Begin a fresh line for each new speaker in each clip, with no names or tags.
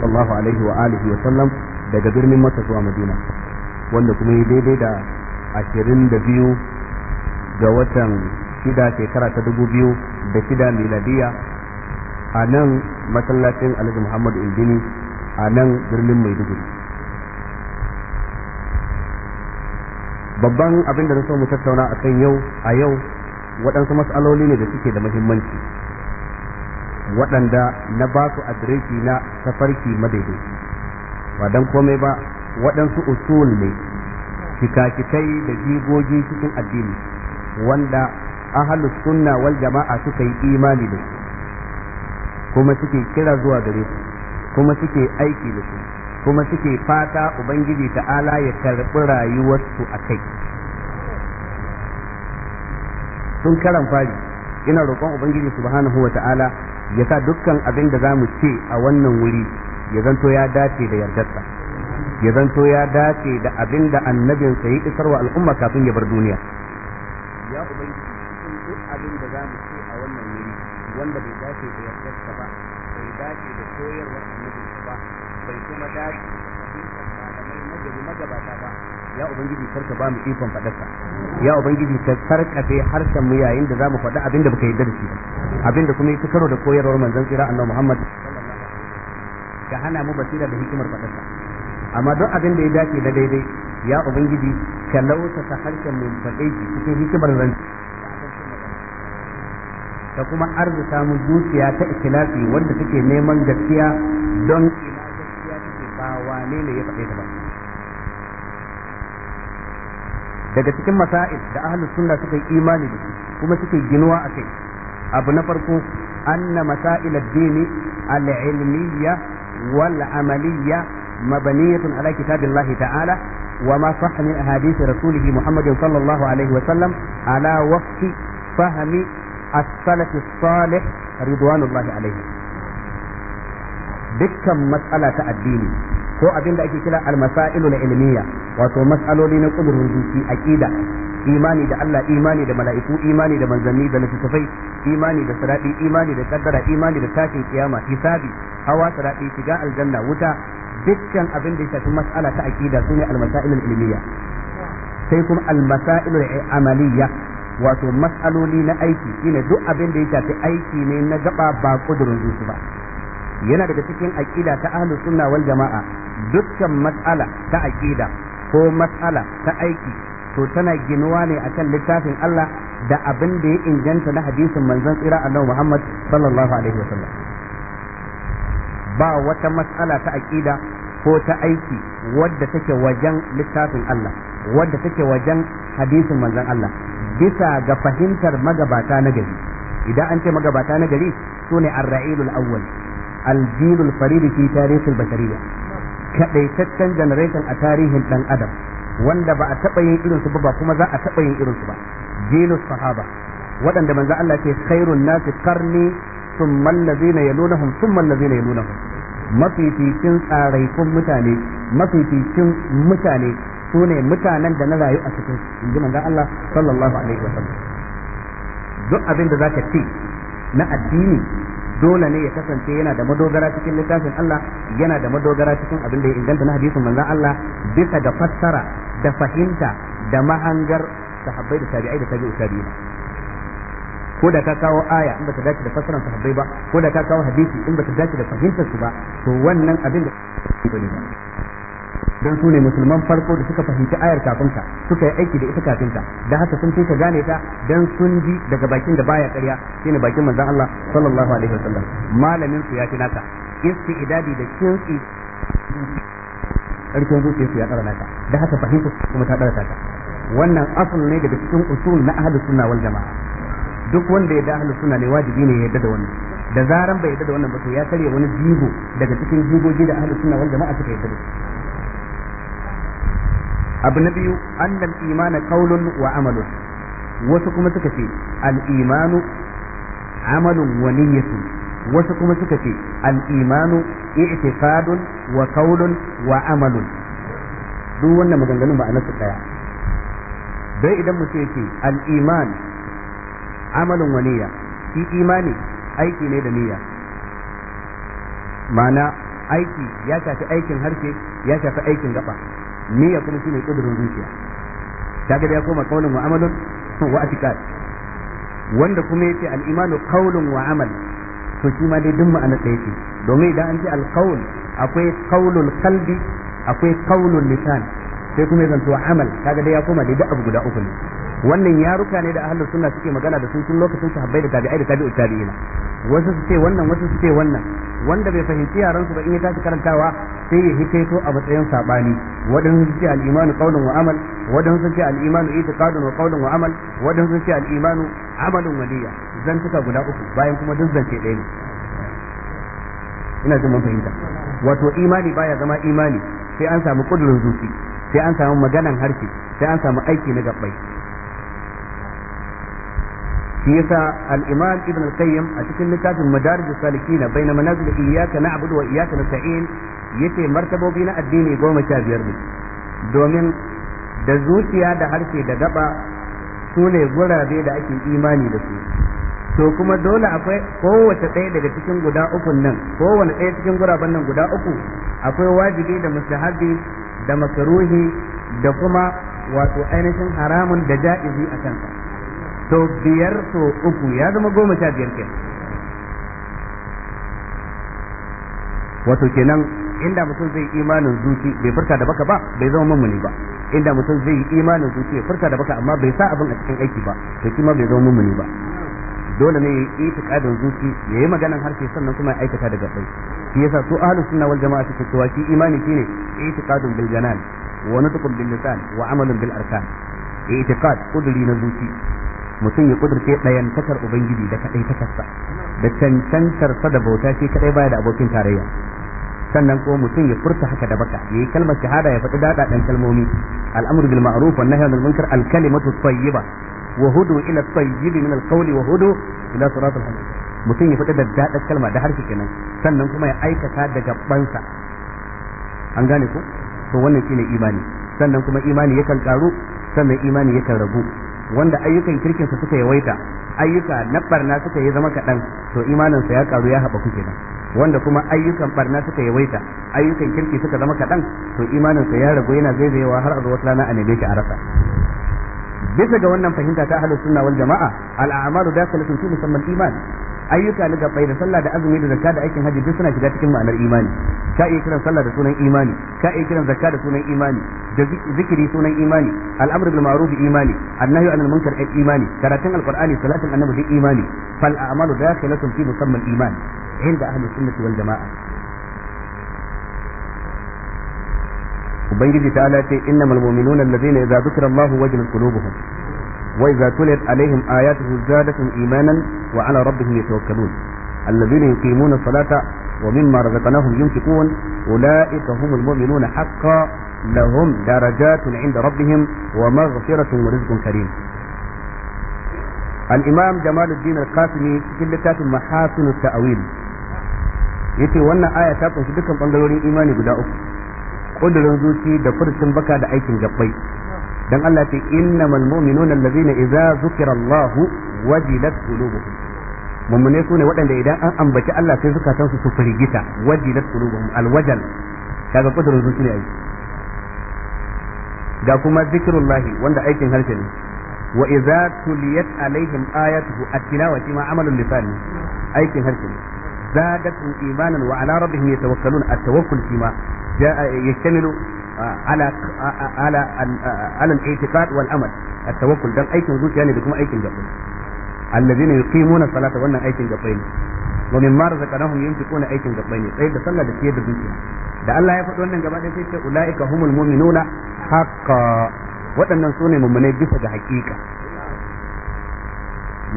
sallallahu alaihi wa alihi wa sallam daga birnin Makka zuwa Madina wanda kuma yi daidai da ashirin da biyu ga watan shida shekara ta dubu biyu da shida miladiya a nan masallacin alhaji muhammadu indini a nan birnin maiduguri babban abin da na so mu tattauna a kan yau a yau waɗansu masaloli ne da suke da muhimmanci waɗanda na ba su adireki na tafarki madaidaici ba don komai ba waɗansu usul ne shikakikai da jigogi cikin addini wanda ahalu sunna wal jama'a suka yi imani da su kuma suke kira zuwa gare su kuma suke aiki da su kuma suke fata ubangiji ta'ala ya karɓi rayuwarsu a kai sun karan fari ina roƙon ubangiji subhanahu wa ta'ala ya sa dukkan abin da za mu ce a wannan wuri ya zanto ya dace da yardarsa ya zanto ya dace da abin da annabinsa ya isarwa al'umma kafin ya bar duniya
ya ubangiji cikin duk
abin da za mu ce a wannan wuri wanda bai dace da yardarsa ba bai dace da koyarwar annabin ba bai kuma dace da fahimtar malamai magabata ya ubangiji karka ba mu ikon fadarka ya ubangiji ka karkafe harshen mu yayin da zamu faɗi abin da baka yarda da abin da kuma yake karo da koyarwar manzon tsira annabi Muhammad ka hana mu basira da hikimar fadarka amma duk abin da ya dace da daidai ya ubangiji ka lautata harshen mu faɗe cikin hikimar zanci ka kuma arzuta mu zuciya ta ikhlasi wanda take neman gaskiya don ina gaskiya take ba wane ne ya faɗe ta ba daga cikin masa'il da ahlus sunna suka yi imani da su kuma suke ginuwa a kai abu na farko anna masa'il addini al-ilmiyya wal amaliyya mabniyatun ala kitabillahi ta'ala wa ma sahha min ahadith rasulih muhammad sallallahu alaihi wa sallam ala wafi fahmi as-salaf as-salih ridwanullahi dukkan matsala ta addini ko abin da ake kira almasailu na ilmiya wato mas'aloli na kudurin zuci aqida imani da Allah imani da mala'iku imani da manzanni da littattafai imani da sirati imani da kaddara imani da tashin kiyama hisabi hawa sirati shiga aljanna wuta dukkan abin da ya shafi mas'ala ta aqida sune almasailu ilmiya sai kuma almasailu amaliya wato mas'aloli na aiki shine duk abin da ya shafi aiki ne na gaba ba kudurin zuci ba yana daga cikin aqida ta ahlus sunna wal jama'a dukkan matsala ta aƙida ko matsala ta aiki to tana ginuwa ne akan littafin Allah da abin da ya inganta na hadisin manzon tsira allah Muhammad sallallahu alaihi sallam. ba wata matsala ta aƙida ko ta aiki wadda take wajen littafin Allah wadda take wajen hadisin manzon Allah bisa ga fahimtar magabata na gari idan an ce magabata na gari sune ar-ra'ilul awwal al-jilul farid fi tarikh bashariyah kadaitaccen generation a tarihin ɗan adam wanda ba a taɓa yin irinsu ba ba kuma za a taɓa yin irinsu ba jilus sahaba waɗanda manzo Allah ke khairun nasi qarni thumma allazina yalunahum thumma allazina yalunahum mafificin tsaraifin mutane mafificin mutane sune mutanen da na rayu a cikin inji manzo Allah sallallahu alaihi wasallam duk abin da zaka ci na addini dole ne ya kasance yana da madogara cikin littafin Allah yana da madogara cikin abin da ya inganta na hadisin manzon Allah bisa ga fassara da fahimta da mahangar sahabbai da tabi'ai da tabi'u tabi'in ko da ka kawo aya in bata dace da fassaran sahabbai ba ko da ka kawo hadisi in bata dace da fahimtar su ba to wannan abin da ba don su ne musulman farko da suka fahimci ayar kafin suka yi aiki da ita kafin ka da haka sun fi ta gane ta dan sun ji daga bakin da baya ƙarya shine bakin manzon Allah sallallahu alaihi wasallam malamin su ya fi iske idadi da kinsi karfin zuciya su ya tsara naka da haka fahimta kuma ta tsara ta wannan asul ne daga cikin usul na ahlus sunna wal jama'a duk wanda ya da ahlus sunna ne wajibi ne ya yarda da wannan da zaran bai yarda da wannan ba to ya karya wani jigo daga cikin jigogi da ahlus sunna wal jama'a suka yarda da abu na biyu annal imana qaulun wa amalun wasu kuma suka ce al imanu amalun wa niyyatu wasu kuma suka ce al imanu i'tiqadun wa qaulun wa amalun duk wannan maganganun ma'anar su daya dai idan mu ce ce al iman amalun wa niyya shi imani aiki ne da niyya ma'ana aiki ya shafi aikin harshe ya shafi aikin gaba niyya kuma shine kudurin zuciya kaga da ya koma kaulin wa amalun wa atiqad wanda kuma yace al imanu qaulun wa amal to shi ma dai duk ma'ana da yake domin idan an ce al qaul akwai qaulul qalbi akwai qaulul lisan sai kuma yanzu amal kaga da ya koma dai duk abu guda uku ne wannan yaruka ne da ahlus sunna suke magana da sun tun lokacin sahabbai da tabi'ai da tabi'ut tabi'ina wasu su ce wannan wasu su ce wannan wanda bai fahimci yaran su ba in ya tashi karantawa sai ya hikaito a matsayin sabani wadan sun ce al-imanu qawlun wa amal wadan sun ce al-imanu i'tiqadun wa qawlun wa amal wadan sun ce al-imanu amalun waliya zan tuka guda uku bayan kuma duk zance ɗaya ne ina jin mun fahimta wato imani baya zama imani sai an samu kudurin zuci sai an samu maganan harshe sai an samu aiki na gabbai yasa al-imam ibn al-qayyim a cikin littafin madarij salikin bayna manazil iyyaka na'budu wa iyyaka nasta'in yace martabobi na addini goma sha biyar ne domin da zuciya da harshe da gaba su gurabe da ake imani da su to kuma dole akwai kowace ɗaya daga cikin guda uku nan kowane ɗaya cikin guraben nan guda uku akwai wajibi da mustahabi da makaruhi da kuma wato ainihin haramun da ja'izi a kansa to biyar so uku ya zama goma sha biyar ke wato kenan inda mutum zai imanin zuci bai furta da baka ba bai zama mummuni ba inda mutum zai yi imanin zuci ya furta da baka amma bai sa abin a cikin aiki ba to shi ma bai zama mummuni ba dole ne ya yi itikadin zuci ya yi maganan harshe sannan kuma ya aikata da gabai shi yasa su ahlus sunna wal jama'a suke cewa shi imani shine itikadun bil janan wa nutqun bil lisan wa amalun bil arkan itiqad kuduri na zuci mutum ya kudurce ɗayan takar ubangiji da kaɗai takarsa da cancantar sa da bauta shi kaɗai baya da abokin tarayya sannan ko mutum ya furta haka da baka yayi kalmar shahada ya faɗi dada dan kalmomi al'amru bil ma'ruf wan nahyu anil munkar al kalimatu tayyiba wa hudu ila tayyib min al qawli wa hudu ila sirat al hamid mutum ya faɗi dada kalma da harshe kenan sannan kuma ya aikata daga gabansa an gane ku to wannan shine imani sannan kuma imani yakan karu sannan imani yakan ragu wanda ayyukan kirkinsa suka yawaita ayyuka na barna suka yi zama kaɗan to imaninsa ya karu ya kuke kenan wanda kuma ayyukan barna suka yawaita ayyukan kirki suka zama kaɗan to imaninsa ya ragu yana zaizayewa har a zuwa rana a neme a rasa bisa ga wannan fahimta ta ahlus sunna wal jama'a al a'malu dakhilatun fi musamman iman ayyuka na gabbai da sallah da azumi da zakka da aikin hajji duk suna shiga cikin ma'anar imani ka iya kiran sallah da sunan imani ka iya kiran zakka da sunan imani da zikiri sunan imani al'amr bil ma'ruf imani annahi anil munkar imani karatun alqur'ani salatin annabi duk imani fal a'malu dakhilatun fi musammal iman inda ahli sunnati wal jama'a ubangiji ta'ala ce innamal mu'minuna allazina idza dhukira Allahu wajilat qulubuhum وإذا تليت عليهم آياته زادتهم إيمانا وعلى ربهم يتوكلون الذين يقيمون الصلاة ومما رزقناهم ينفقون أولئك هم المؤمنون حقا لهم درجات عند ربهم ومغفرة ورزق كريم الإمام جمال الدين القاسمي cikin littafin mahasin ta'awil yace آية aya في kunshi dukkan إيماني imani guda uku kudurin zuci da furcin baka da dan Allah ce innamal mu'minuna allazina idza zukira Allah wajilat qulubuhum mummune sune waɗanda idan an ambaci Allah sai zukatansu su firgita wajilat qulubuhum alwajal kaga kudurin su ne ai ga kuma zikrullahi wanda aikin harshe ne wa idza tuliyat alaihim ayatuhu at-tilawati ma amalul lisan aikin harshe ne zadatuhum imanan wa ala rabbihim yatawakkalun at-tawakkul fima jaa yaktamilu ala ala ala al-i'tiqad wal amal at-tawakkul dan aikin zuciya ne da kuma aikin gaba allazina yuqimuna salata wannan aikin gaba ne wa mimma razaqnahum yunfiquna aikin gaba ne sai da sallah da ciyar da zuciya da Allah ya faɗi wannan gaba ɗaya sai ce ulaika humul mu'minuna haqqa waɗannan sune mummunai bisa ga haƙiƙa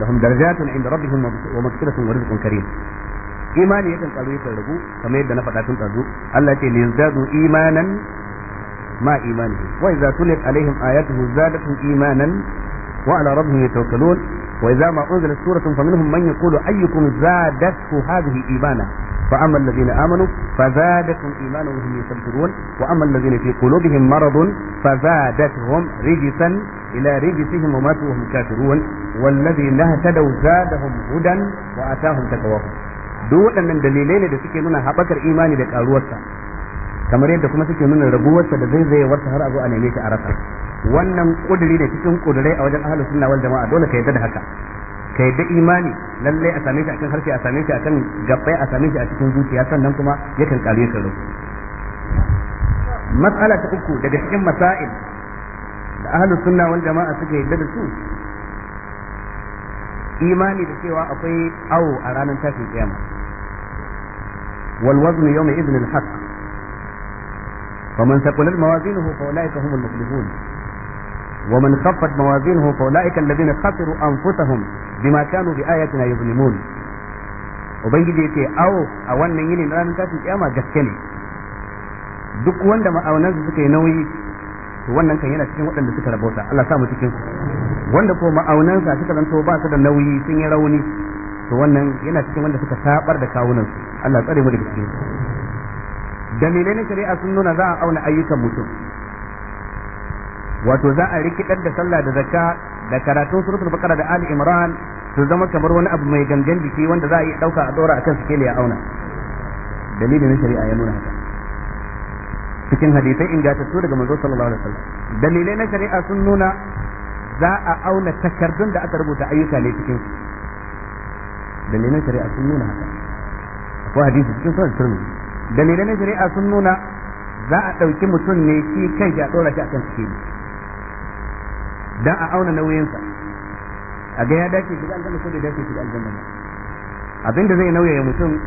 lahum darajatun inda rabbihim wa maghfiratun imani yakan karu yakan ragu kamar yadda na faɗa tun ɗazu Allah ce liyazdadu ma imanihi wa idza tulit alaihim ayatuhu zadatuhum imanan wa ala rabbihim yatawakkalun wa idza ma unzilat suratun faminhum man yaqulu ayyukum zadathu hadhihi imana فأما الذين آمنوا فزادتهم إيمانا وهم يستبشرون وأما الذين في قلوبهم مرض فزادتهم رجسا إلى رجسهم وماتوا وهم كافرون والذين اهتدوا زادهم هدى وآتاهم تقواهم duk waɗannan dalilai ne da suke nuna haɓakar imani da ƙaruwarsa kamar yadda kuma suke nuna raguwarsa da zaizayewarsa har a a neme shi a rasa wannan kudiri ne cikin kudirai a wajen ahlus sunna wal jama'a dole ka yadda da haka ka yadda imani lalle a same shi a cikin harshe a same shi akan gabbai a same shi a cikin zuciya sannan kuma yakan kare ka rubu mas'ala ta uku daga cikin masail da ahlus sunna wal jama'a suke yadda da su imani da cewa akwai awo a ranar tashin kiyama wal wazn yawm idhnil haqq فمن ثقلت موازينه فأولئك هم المفلحون ومن خفت موازينه فأولئك الذين خسروا أنفسهم بما كانوا بآياتنا يظلمون ubangiji yake awo a wannan yinin ranar tashin kiyama gaske ne duk wanda ma'aunansu suka nauyi to wannan kan yana cikin waɗanda suka rabauta Allah samu cikin
su
wanda ko ma'aunansa suka zanto ba su da nauyi sun yi rauni to wannan yana cikin wanda suka sabar da kawunan su Allah tsare mu daga cikin su da menene shari'a sun nuna za a auna ayyukan mutum wato za a rikidar da sallah da zakka da karatun suratul baqara da ali imran su zama kamar wani abu mai gangan jiki wanda za a yi dauka a dora akan su kele ya auna dalilin na shari'a ya nuna haka cikin hadisai ingantattu daga manzo sallallahu alaihi wasallam dalilai na shari'a sun nuna za a auna takardun da aka rubuta ayyuka ne cikin dalilin shari'a sun nuna haka akwai hadisi cikin sunan tirmidhi dalilai na shari'a sun nuna za a ɗauki mutum ne shi kan shi a tsora shi a kan ne don a auna nauyinsa a ga ya dace shiga aljanna ko da dace shiga aljanna abin da zai nauyaya mutum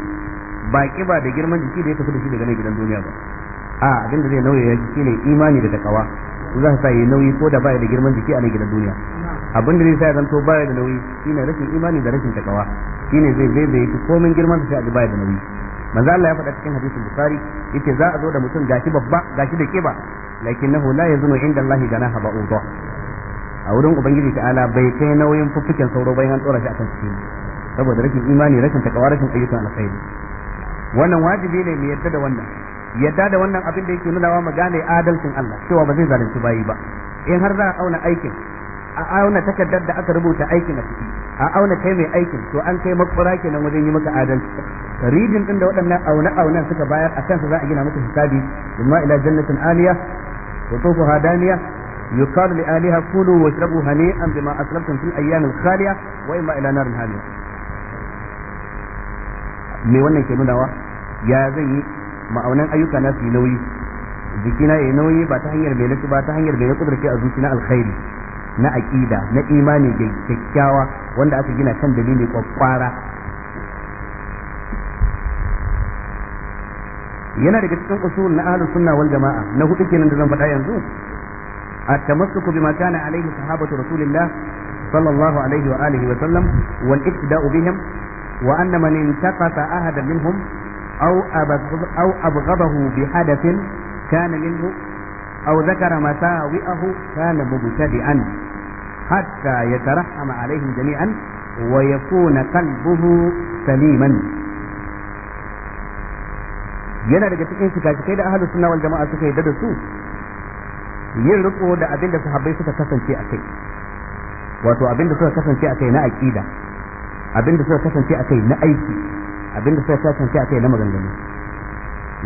ba kiba da girman jiki da ya tafi da shi daga nan gidan duniya ba a abin da zai nauyaya jiki ne imani da takawa za su sa yi nauyi ko da baya da girman jiki a nan gidan duniya abin da zai sa ya zanto baya da nauyi shine rashin imani da rashin takawa shine zai zai zai komin girman su sai a ji baya da nauyi manzo Allah ya faɗa cikin hadisin bukhari yake za a zo da mutum gashi babba gashi da kiba lakinnahu la yazunu inda Allah haba ba'udha a wurin ubangiji ta'ala bai kai nauyin fuffuken sauro bai han tsora shi akan cikin saboda rashin imani rashin takawa rashin ayyukan alkhairi wannan wajibi ne mu yadda da wannan yadda da wannan abin da yake nuna wa magana adalcin Allah cewa ba zai zalunci bayi ba in har za a auna aikin a auna takardar da aka rubuta aikin a ciki a auna kai mai aikin to an kai makura kenan wajen yi maka adalci rijin din da waɗannan auna aunan suka bayar a kansa za a gina maka hisabi imma ila jannatin aliya wa tufuha daniya yuqalu li aliha kulu washrabu hani'an bima aslaftum fil ayyamil khaliya wa imma ila narin haliya me wannan ke nunawa ya zan yi ma'aunan ayyuka na su yi nauyi jikina ya nauyi ba ta hanyar nasu ba ta hanyar bai na kudurce a zuci na alkhairi na aƙida na imani da kyakkyawa wanda aka gina kan dalili kwakwara yana daga cikin usul na ahlus sunna wal jama'a na hudu kenan da zan faɗa yanzu at-tamassuku bima kana alaihi sahabatu rasulillah sallallahu alaihi wa alihi wa sallam wal iktida'u bihim wa anna man intaqasa ahadan minhum aw abghadahu bi hadathin kana minhu أو ذكر مساوئه كان مبتدئا حتى يترحم عليهم جميعا ويكون قلبه سليما yana daga cikin shikashikai da ahalus sunna wal jama'a suka yarda su yin riko da abin da sahabbai suka kasance a kai wato abin da suka kasance a kai na aqida abin da suka kasance a kai na aiki abin da suka kasance a kai na maganganu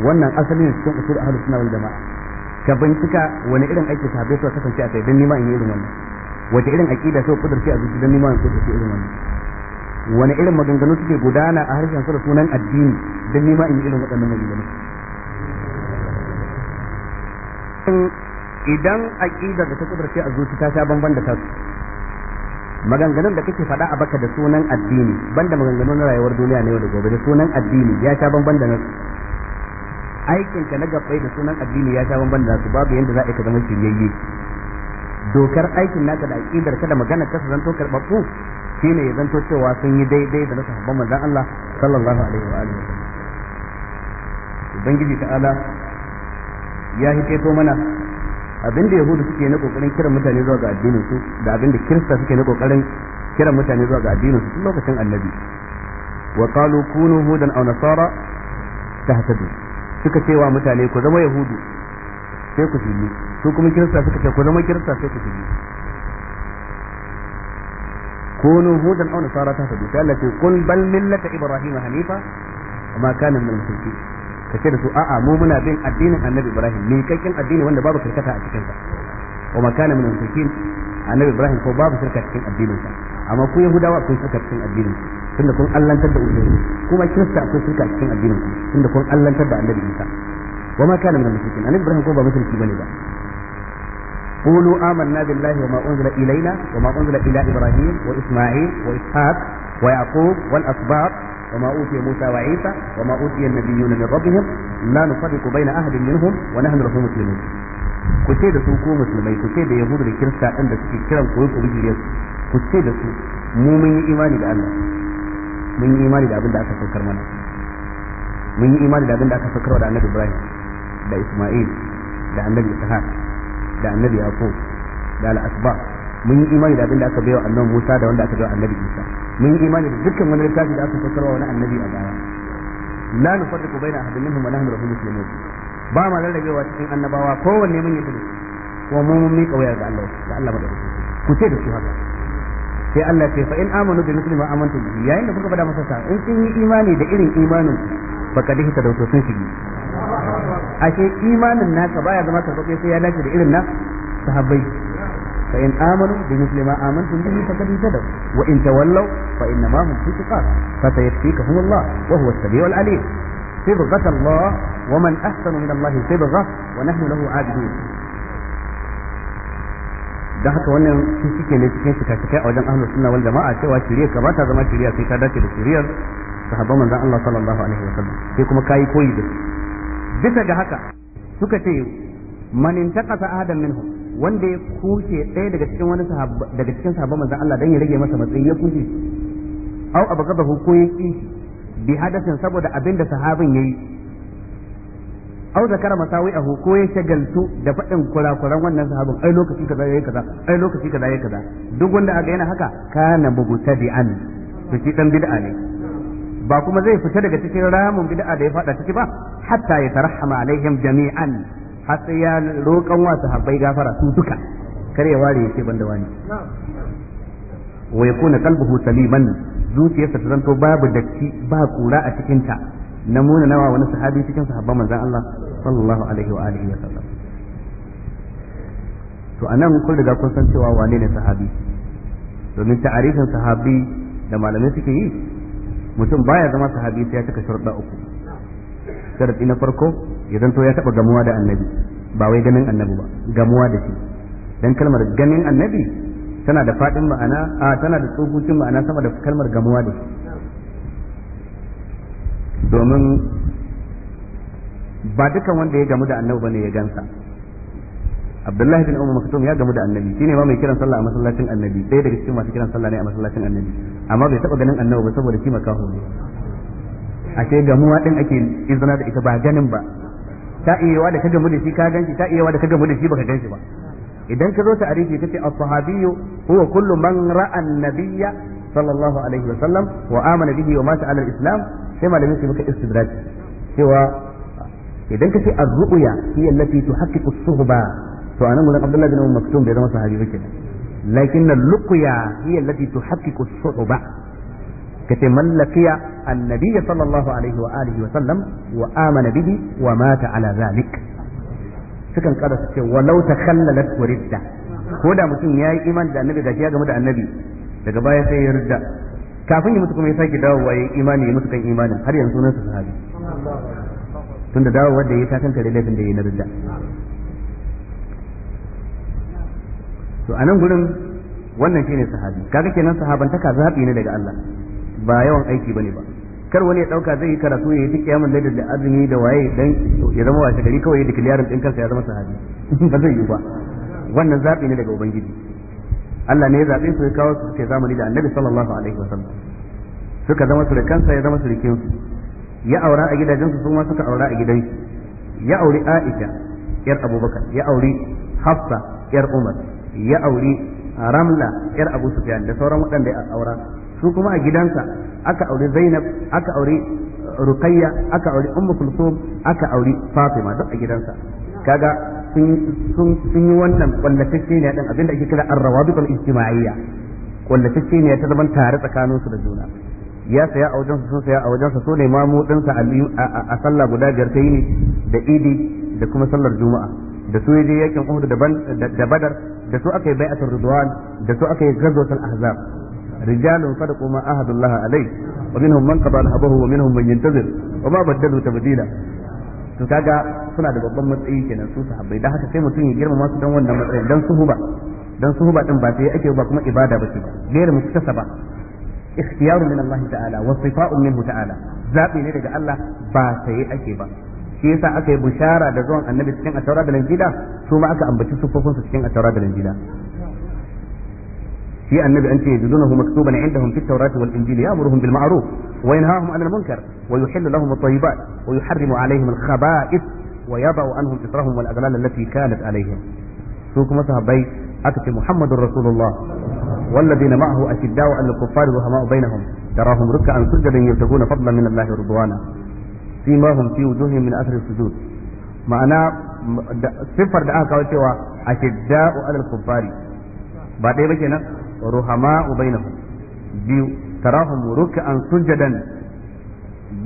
wannan asalin cikin usul ahalus sunna wal jama'a ka bincika wani irin aiki sahabbai suka kasance a kai don nima in yi irin wannan wata irin aqida suka kudurce a zuci don nima in kudurce irin wannan wani irin maganganu suke gudana a harshen su da sunan addini don nima in yi irin waɗannan maganganu idan aqidar da ta kudurce a zuci ta sha bamban da tasu maganganun da kake faɗa a baka da sunan addini banda maganganun na rayuwar duniya na yau da gobe da sunan addini ya sha bamban da nasu aikin ka na gabbai da sunan addini ya sha bamban da su babu yanda za a yi ka zama shiryayye dokar aikin naka da aqidar ka da magana ka zanto karbabbu shine ya zanto cewa sun yi daidai da na sahabban manzon Allah sallallahu alaihi wa alihi ubangiji ta'ala ya hiketo mana abin da yahudu suke na kokarin kiran mutane zuwa ga addinin su da abin da kirista suke na kokarin kiran mutane zuwa ga addinin su lokacin annabi wa qalu kunu hudan aw nasara tahtadu suka ce wa mutane ku zama yahudu sai ku shige su kuma kirista suka ce ku zama kirista sai ku shige kunu hudan aw nasara ta tabi sai Allah ce kun bal millata ibrahim hanifa amma kana min musulmi ce da su a'a mu muna bin addinin annabi ibrahim ne kakkin addini wanda babu karkata a cikin sa wa makana min musulmi annabi ibrahim ko babu shirka cikin addinin amma ku yahudawa akwai shirka cikin addinin tunda kun allantar da ubangiji kuma kirista akwai shirka cikin addinin tunda kun allantar da annabi isa wa ma kana min al-mushrikin annabi ibrahim ko ba mushriki bane ba قولوا آمنا بالله وما أنزل إلينا وما أنزل إلى إبراهيم وإسماعيل وإسحاق ويعقوب والأسباط وما أوتي موسى وعيسى وما أوتي النبيون من ربهم لا نفرق بين أهل منهم ونحن لهم مسلمون كتيبة ده سو كتيبة يهود الكرسى عند سكي كرم كو يكو بجي ليس مو من إيماني ده الله من إيماني ده أبن ده أكثر من إيماني ده أبن ده أكثر النبي إبراهيم ده إسماعيل ده النبي إسحاق لا النبي يعقوب لا الأسباب من إيماني ده أبن ده بيو أنه موسى ولا وأن ده أكثر النبي إسحاق mun yi imani da dukkan wani littafi da aka fassarwa wani annabi a baya la nufarriqu baina ahadin minhum wa nahnu lahu muslimun ba ma rarrabewa cikin annabawa kowanne mun yi da wa mu mun miƙa waya ga Allah ga Allah madaukaki ku da su haka sai Allah ce fa in amanu bi muslima amantu bi yayin da kuka faɗa masa sa in sun yi imani da irin imanin ba ka sun shigi ashe imanin naka baya zama karɓaɓɓe sai ya dace da irin na sahabbai فإن آمنوا بمثل ما آمنتم به فقد اهتدوا وإن تولوا فإنما هم في شقاق فسيكفيكهم الله وهو السميع العليم صبغة الله ومن أحسن من الله صبغة ونحن له عابدون da haka wannan shi suke ne cikin shika-shika a wajen ahlus sunna wal jama'a cewa shirya ka bata zama shirya sai ka dace da shiryar sahabban manzon Allah sallallahu alaihi wasallam sai kuma kai koyi da su bisa ga haka suka ce man intaqasa ahadan minhum wanda ya kushe ɗaya daga cikin wani daga cikin sahabban manzon Allah dan ya rage masa matsayi ya kushe au abghadahu ko ya ki bi hadasin saboda abin da sahabin yayi au zakara a ko ya shagaltu da faɗin kurakuran wannan sahabin ai lokaci kaza yayi kaza ai lokaci kaza yayi kaza duk wanda aga yana haka kana an to shi dan bid'a ne ba kuma zai fita daga cikin ramin bid'a da ya fada ciki ba hatta ya tarahama alaihim jami'an har roƙon ya haɓai gafara su duka kar ya ware yake banda wani wa kuna qalbuhu saliman zuciyarsa ta zanto babu datti ba kura a cikin ta na muna nawa wani sahabi cikin sahabban manzon Allah sallallahu alaihi wa alihi wa sallam to anan kun riga kun san cewa wane ne sahabi domin ta'arifin sahabi da malamai suke yi mutum baya zama sahabi sai ya cika sharuɗa uku sharadi na farko ya zanto ya taba gamuwa da annabi ba wai ganin annabi ba gamuwa da shi dan kalmar ganin annabi tana da fadin ma'ana a tana da tsofaffin ma'ana sama da kalmar gamuwa da shi domin ba dukan wanda ya gamu da annabi bane ya gansa Abdullahi bin Umar Maktum ya gamu da annabi shine ma mai kiran sallah a masallacin annabi sai daga cikin masu kiran sallah ne a masallacin annabi amma bai taba ganin annabi ba saboda shi makaho ne ake gamuwa din ake izina da ita ba ganin ba ta iya yawa da ka gamu da shi ka ganshi ta iya yawa da ka gamu da shi baka ganshi ba idan ka zo ta arifi kace as-sahabiyyu huwa kullu man ra'a an-nabiyya sallallahu alaihi wa sallam wa amana bihi wa mata ala al-islam sai malamin su maka istidraj cewa idan kace ar-ru'ya hiya allati tuhaqqiqu as-suhba to anan gurin Abdullah bin Umar Maktum bai zama sahabi ba kenan lakin al-luqya hiya allati tuhaqqiqu as-suhba kace mallakiya annabi sallallahu alaihi wa alihi wa sallam wa amana bihi wa mata ala zalik sukan kada su ce walau takhallalat waridda ko da mutum yayi iman da annabi gashi ya game da annabi daga baya sai ya rida kafin ya mutu kuma ya sake dawowa ya imani ya mutu kan imanin har yanzu nan su sahabi tunda dawowar da ya ta kanta da laifin da ya na rida to anan gurin wannan shine sahabi kaga kenan sahabantaka zabi ne daga Allah ba yawan aiki bane ba kar wani ya dauka zai yi karatu ya yi duk yamin laidar da azumi da waye dan ya zama washe gari kawai da kiliyarin din kansa ya zama sahabi ba zai yi ba wannan zabi ne daga ubangiji Allah ne ya zabe su ya kawo su suke zamani da Annabi sallallahu alaihi wasallam suka zama su da kansa ya zama su rikin su ya aura a gidajensu su suka aura a gidan ya auri Aisha yar Abubakar ya auri Hafsa yar Umar ya auri Ramla yar Abu Sufyan da sauran waɗanda ya aura su kuma a gidansa aka aure Zainab aka aure Ruqayya aka aure Ummu Kulthum aka aure Fatima duk a gidansa kaga sun sun yi wannan kwallatacce ne din abinda ake kira ar-rawadit al-ijtima'iyya kwallatacce ne ta zaman tare tsakanin su da juna ya saya a wajen su sun saya a wajen su ne ma mu dinsa a sallah guda biyar ta yini da idi da kuma sallar juma'a da su yaje yakin Uhud da Badar da su aka yi bai'atul Ridwan da su aka yi ghazwatul Ahzab rijalun sadaqu ma ahadullah alai wa minhum man qada nahabahu wa minhum man yantazir wa ma baddalu tabdila to kaga suna da babban matsayi kenan su sahabbai dan haka sai mutum ya girmama su dan wannan matsayin dan suhuba dan suhuba din ba sai ake ba kuma ibada bace ba gairu muktasaba ikhtiyaru min Allah ta'ala wa sifa'un minhu ta'ala zabi ne daga Allah ba sai ake ba shi yasa aka yi bushara da zuwan annabi cikin atawra da linjila su ma aka ambaci sufofin su cikin atawra da linjila في النبي أنت يجدونه مكتوبا عندهم في التوراة والإنجيل يأمرهم بالمعروف وينهاهم عن المنكر ويحل لهم الطيبات ويحرم عليهم الخبائث ويضع عنهم فطرهم والأغلال التي كانت عليهم سوكم صحابي أكت محمد رسول الله والذين معه أشداء على الكفار وهماء بينهم تراهم ركعا سجدا يبتغون فضلا من الله رضوانا فيما هم في وجوههم من أثر السجود معناه سفر دعاء كاوتي أشداء على الكفار بعد ذلك إيه ruhama'u bainahum biyu tarahum ruk'an sujadan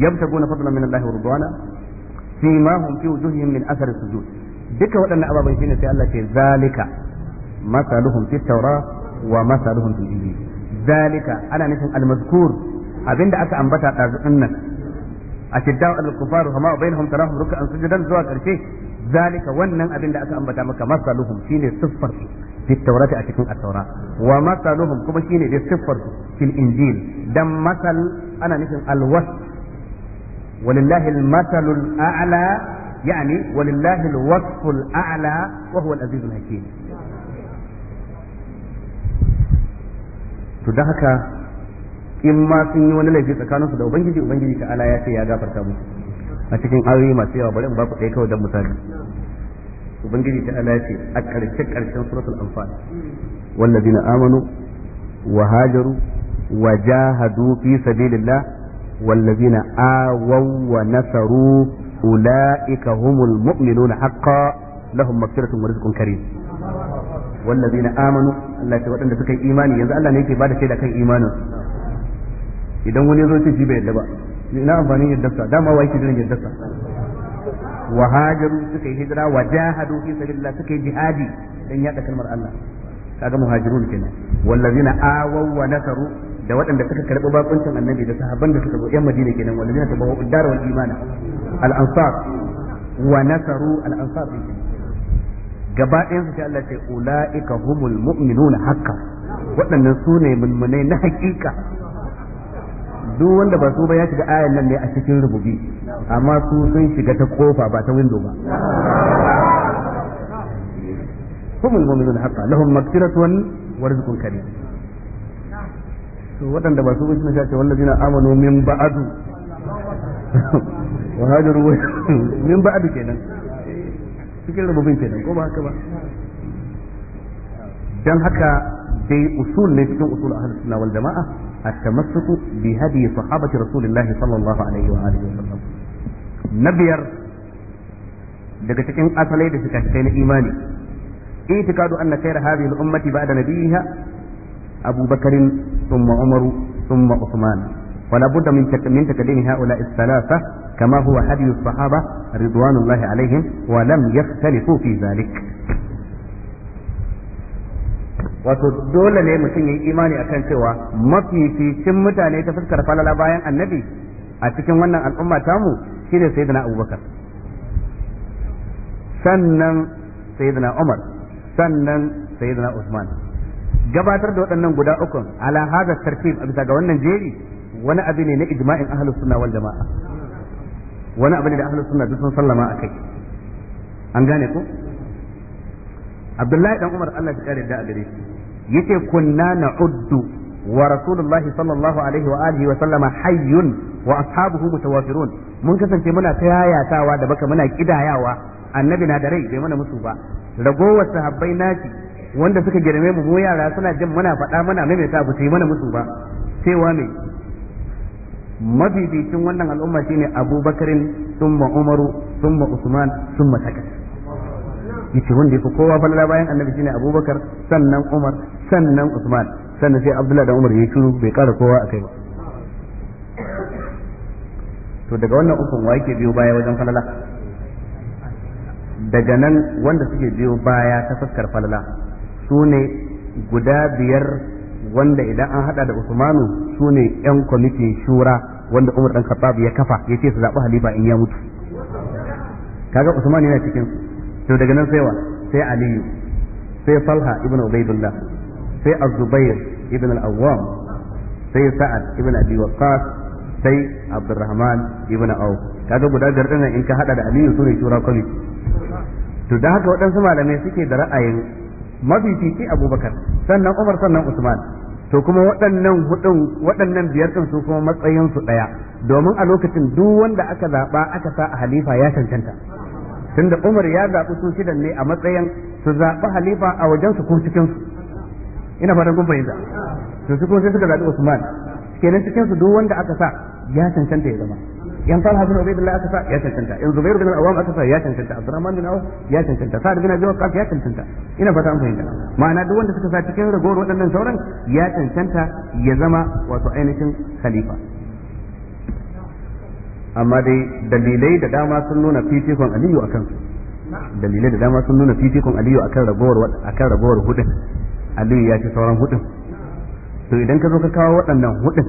yabtaguna fadlan min Allah wa ridwana fi ma hum min athar sujud duka waɗannan ababen shine sai Allah ce zalika masaluhum fit tawra wa masaluhum fil injil zalika ana nufin al abinda aka ambata ɗazu'in nan a shidda al kufaru hama wa bainahum tarahum ruk'an sujadan zuwa karshe zalika wannan abinda aka ambata maka masaluhum shine siffar fi taurati a cikin at-taura wa masaluhum kuma shine da siffar fil injil dan masal ana nufin alwas walillahi al-masalul a'la yani walillahi al-wasful a'la wa huwa al-azizul hakim da haka in ma sun yi wani laifi tsakaninsu da ubangiji ubangiji ta ala ya ce ya musu a cikin ayoyi masu yawa bari ba kawai don misali ubangiji ta ala ce a karshe karshen suratul anfal والذين آمنوا وهاجروا وجاهدوا في سبيل الله والذين آووا ونصروا أولئك هم المؤمنون حقا لهم مغفرة ورزق كريم والذين آمنوا الله ce wadanda suka yi imani yanzu Allah ne yake bada shaida kan imanin idan wani ya zo ce shi bai yadda ba ina amfanin yaddarsa dama wai ke jiran yaddarsa wa hajaru hijira wa jahadu fi sabilillah suka yi jihadi dan yada kalmar Allah kaga muhajirun kenan wallazina wa nasaru da waɗanda suka karɓi bakuncin annabi da sahabban da suka zo yan madina kenan wallazina tabawu dar wal imana al ansar wa nasaru al ansar gaba ɗayan su sai Allah ce ulaika humul mu'minuna haka waɗannan su ne mulmunai na hakika. duk wanda ba su ba ya shiga ayan nan ne a cikin rububi amma su sun shiga ta kofa ba ta window ba kuma haka lahum حقا wa rizqun ورزق to waɗanda ba su suna shace wanda zina amanu min ba'adu
wa hajaru
min ba'adu kenan cikin rububin kenan ko ba haka ba dan haka في أصول نسكن أصول أهل السنة والجماعة التمسك بهدي صحابة رسول الله صلى الله عليه وآله وسلم نبير daga cikin asalai da suka kai na imani itikadu anna khayra hadhihi al-ummati ba da Abu Bakr thumma umaru thumma usman, wa la budda min min takdim haula ath-thalatha kama huwa hadith as-sahaba ridwanullahi alaihim wa lam yakhtalifu fi dhalik wato dole ne mutum ya yi imani akan cewa mafificin mutane ta fuskar falala bayan annabi a cikin wannan al'umma tamu shine sayyidina abubakar sannan sayyidina umar sannan sayyidina usman gabatar da waɗannan guda ukun ala hadha tartib a bisa ga wannan jeri wani abu ne na ijma'in ahlus sunna wal jama'a wani abu ne da ahlus sunna duk sun sallama akai an gane ko Abdullahi dan Umar Allah ya kare da a gare shi yace kunna na na'uddu wa rasulullahi sallallahu alaihi wa alihi wa sallama hayyun wa ashabuhu mutawafirun mun kasance muna tayayatawa da baka muna kidayawa annabi na da rai bai mana musu ba ragowar sahabbai naci wanda suka girme mu mu yara suna jin muna faɗa muna maimaita ba sai mana musu ba cewa me mabibicin wannan al'umma shine abubakarin thumma umaru thumma usman thumma sakat yace wanda yafi kowa falala bayan annabi shine abubakar sannan umar sannan usman sannan sai abdullahi da umar yayi shiru bai kara kowa akai ba to daga wannan ukun wa yake biyo baya wajen falala daga nan wanda suke biyo baya ta fuskar falala su ne guda biyar wanda idan an hada da usmanu su ne yan kwamitin shura wanda umar dan khattab ya kafa ya ce su zaɓi haliba in ya mutu kaga usman yana cikin su to daga nan sai wa sai aliyu sai falha ibn ubaidullah sai az-zubair ibn al-awwam sai sa'ad ibn abi waqqas sai abdurrahman ibn auf kaga guda biyar din in ka hada da aliyu sune shura committee to da haka waɗansu malamai suke da ra'ayin mafifici abubakar sannan umar sannan usman to kuma waɗannan hudun waɗannan biyar din su kuma matsayin su daya domin a lokacin duk wanda aka zaba aka sa a halifa ya cancanta tunda Umar ya zaɓi su shidan ne a matsayin su zaɓi halifa a wajen su ko cikin su ina fatan kun fahimta to su kuma sai suka zaɓi Usman kenan cikin su duk wanda aka sa ya cancanta ya zama yan Talha bin Ubaydullah aka sa ya cancanta yan Zubair bin Al-Awwam aka sa ya cancanta Abdurrahman bin Awf ya cancanta Sa'ad bin Abi Waqqas ya cancanta ina fata an fahimta ma'ana duk wanda suka sa cikin ragowar waɗannan sauran ya cancanta ya zama wato ainihin khalifa amma dai dalilai da dama sun nuna fifikon aliyu a kansu dalilai da dama sun nuna fifikon aliyu akan kan ragowar hudun aliyu ya ci sauran hudun to idan ka zo ka kawo waɗannan hudun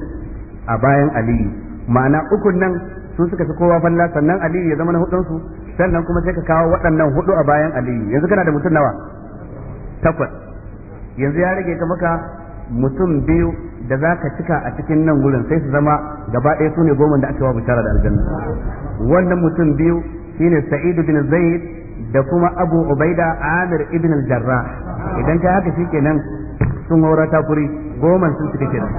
a bayan aliyu ma'ana ukun nan sun suka fi kowa falla sannan aliyu ya zama na hudunsu sannan kuma sai ka kawo waɗannan hudu a bayan aliyu yanzu kana da mutum nawa takwas yanzu ya rage ka maka mutum biyu da za ka cika a cikin nan gurin sai su zama gaba ɗaya su ne goma da aka wa bishara da aljanna wannan mutum biyu shine Sa'idu bin zaid da kuma abu ubaida amir ibn al-jarrah idan ta haka shikenan sun haura ta kuri goma sun cika kenan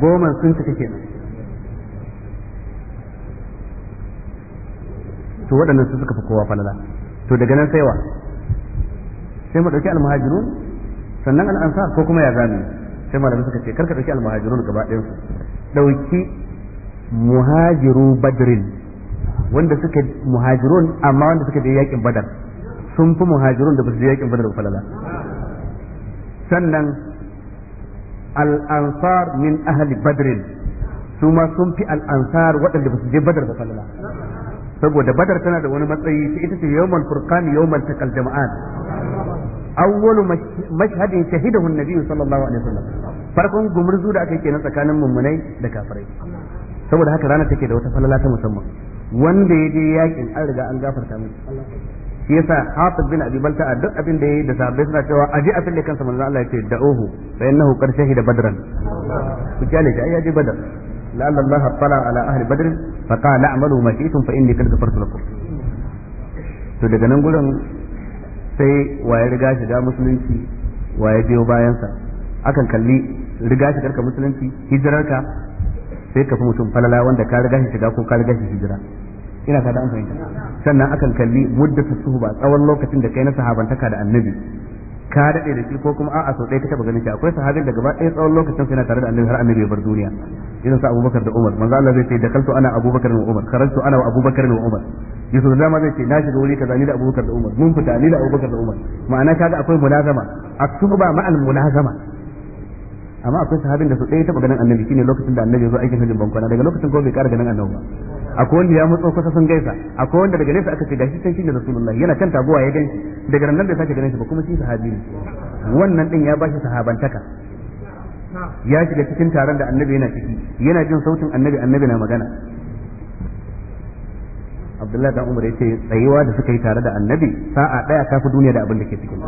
goma sun cika kenan to waɗannan su suka fi kowa falala to daga nan saiwa sai mu ɗauki almuhajirun sannan al'ansar ko kuma ya zami sai malamai suka ce karka dauki almuhajirun gaba ɗayan su dauki muhajiru badrin wanda suka muhajirun amma wanda suka je yakin badar sun fi muhajirun da basu je yakin badar falala sannan al'ansar min ahli badrin su ma sun fi al'ansar waɗanda basu je badar da falala saboda badar tana da wani matsayi ita ce yawmal furqan yawmal taqal jama'an awwalu mashhadin shahidahu an-nabi sallallahu alaihi wasallam farkon gumurzu da aka yi kenan tsakanin mummunai da kafirai saboda haka rana take da wata falala ta musamman wanda ya je yakin an riga an gafarta mai shi yasa Hatib bin Abi Balta a duk abin da yayi da sahabbai suna cewa a je a fille kansa manzo Allah ya ce da'uhu fa innahu qad shahida badran ku kyale shi ai ya je badar la'alla Allah tala ala ahli badr fa qala a'malu ma shi'tum fa inni qad ghafartu lakum to daga nan gurin sai waye riga shiga musulunci waye biyo bayansa akan kalli riga shigar ka musulunci hijirarka sai ka fi mutum falala wanda ka riga shi shiga ko ka riga shi hijira ina ka an fahimta sannan akan kalli muddatu suhuba tsawon lokacin da kai na sahabantaka da annabi ka daɗe da shi ko kuma a'a sau ɗaya ka taɓa ganin shi akwai sahabin da gaba ɗaya tsawon lokacin sai na tare da annabi har annabi ya bar duniya irin sa abubakar da umar manzo Allah zai ce da kalto ana abubakar da umar karanto ana abubakar da umar yusuf da ma zai ce na shiga wuri kaza ni da abubakar da umar mun fita ni da abubakar da umar ma'ana kaga akwai mulazama aktuba ma'al mulazama amma akwai sahabin da su ɗaya taɓa ganin annabi shine lokacin da annabi ya zo aikin hajjin bankwana daga lokacin ko bai ƙara ganin annabi ba akwai wanda ya matso kusa sun gaisa akwai wanda daga nesa aka ce gashi sai shine rasulullah yana kan taguwa ya ganshi daga nan bai sake ganin shi ba kuma shi sahabi ne wannan din ya bashi sahabantaka ya shiga cikin taron da annabi yana ciki yana jin sautin annabi annabi na magana Abdullahi dan Umar ce tsayuwa da suka yi tare da annabi sa'a daya ta fi duniya da abin da ke cikin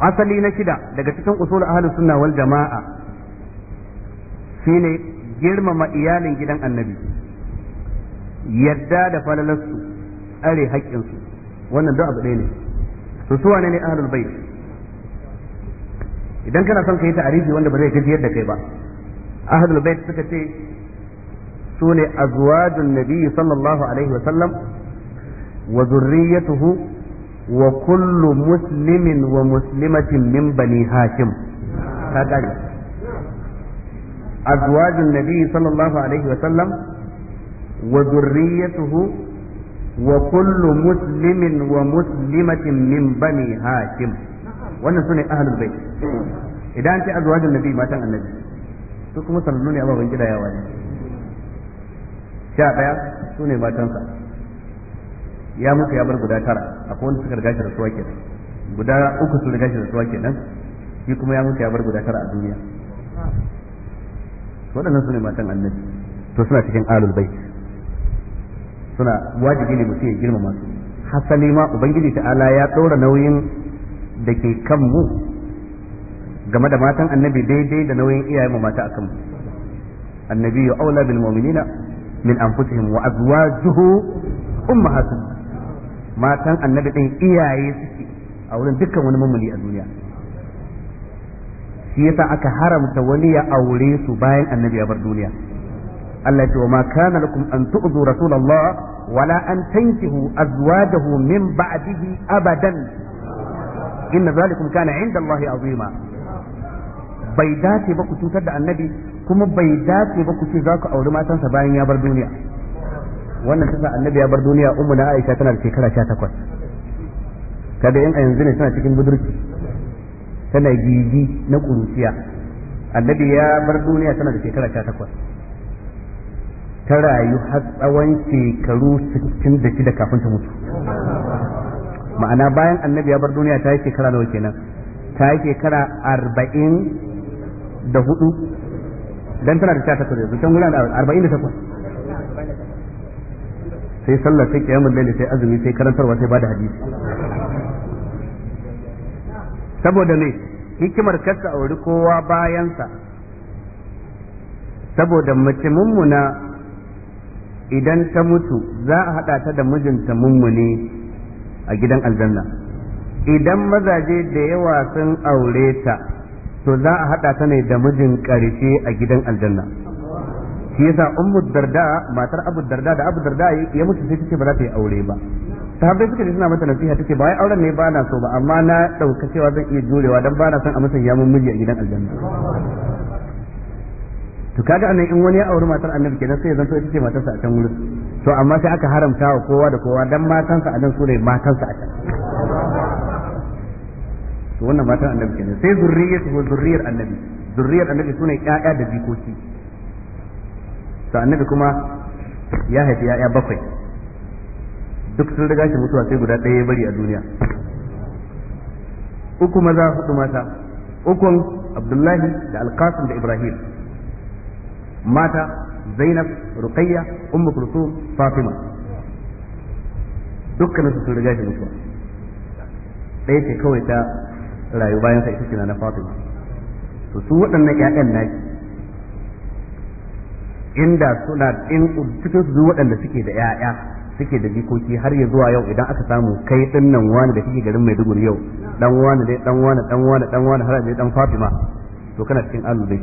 asali na shida daga cikin usul ahlus sunna wal jama'a shine girmama iyalin gidan annabi yadda da falalarsu tsare haƙƙinsu wannan duk abu ɗaya ne to su wane ne ahlul bait idan kana son kai ta'arifi wanda ba zai gajiyar da kai ba ahlul bait suka ce su ne azwajun nabiyyi sallallahu alaihi wa sallam wa zurriyyatuhu wa kullu muslimin wa muslimatin min bani hashim ta kare azwajun nabi sallallahu alaihi wa sallam wa zurriyatuhu wa kullu muslimin wa muslimatin min bani hashim wannan sune ahlul bait idan ce azwajun nabi matan annabi su kuma sanannu ne ababen gidayawa ne sha daya su ne matansa ya mutu ya bar guda tara akwai wanda suka riga shi da suwa kenan guda uku sun riga shi da suwa kenan shi kuma ya mutu ya bar guda tara a duniya waɗannan su ne matan annabi to suna cikin alul bai suna wajibi ne mutum ya girma masu hasali ma ubangiji ta'ala ya ɗora nauyin da ke kan mu game da matan annabi daidai da nauyin iyayen mu mata akan mu annabi ya aula bil mu'minina min anfusihim wa azwajuhu ummahatuhum matan annabi ɗin iyaye suke a wurin dukkan wani mamuli a duniya shi yasa aka haramta wani ya aure su bayan annabi ya bar duniya Allah ya ce wa ma kana lakum an tu'zu rasulullah wala an tankihu azwajahu min ba'dihi abadan inna zalikum kana 'inda Allah azima bai dace ba ku cutar da annabi kuma bai dace ba ku ce za ku auri matansa bayan ya bar duniya wannan tasa annabi ya bar duniya ummu na aisha tana da shekara sha 18 kaga in a yanzu ne tana cikin budurci tana gigi na kuruciya annabi ya bar duniya tana da shekara sha takwas. ta rayu har tsawon shekaru da kafin ta mutu ma'ana bayan annabi ya bar duniya ta yi shekara nawa kenan ta yi shekara arba'in da hudu dan tana da sha yanzu can gudanar
sai sallah sai kiyamul laili
sai azumi sai karantarwa sai bada hadisi saboda ne hikimar kasa auri kowa bayansa saboda mace mummuna idan ta mutu za a haɗa ta da mijinta mummuni a gidan aljanna idan mazaje da yawa sun aure ta to za a haɗa ta ne da mijin karshe a gidan aljanna shi yasa ummu darda matar abu darda da abu darda ya mutu sai take ba za ta yi aure ba sahabbai suka ji suna mata nasiha take ba wai auren ne ba na so ba amma na dauka cewa zan iya jurewa dan ba na son a masa ya mun miji a gidan aljanna to kaga anan in wani ya auri matar annabi kenan sai ya zanto ita ce matarsa a can wurin to amma sai aka haramta wa kowa da kowa dan sa a nan su matan sa a can to wannan matar annabi kenan sai zurriyatu zurriyar annabi zurriyar annabi sune ƴaƴa da jikoki to kuma ya haifi ya'ya bakwai duk sun riga shi mutuwa sai guda ɗaya ya bari a duniya uku maza hudu mata ukun abdullahi da alkasim da ibrahim mata zainab ruqayya ummu kulsum fatima dukkanin su sun riga shi mutuwa ɗaya ce kawai ta rayu bayan sa ita na fatima to su waɗannan ƴaƴan naki inda suna in cikin su waɗanda suke da ƴaƴa suke da jikoki har ya zuwa yau idan aka samu kai din nan wani da kike garin Maiduguri yau dan wani dai dan wani dan wani dan wani har dai dan Fatima to kana cikin alubai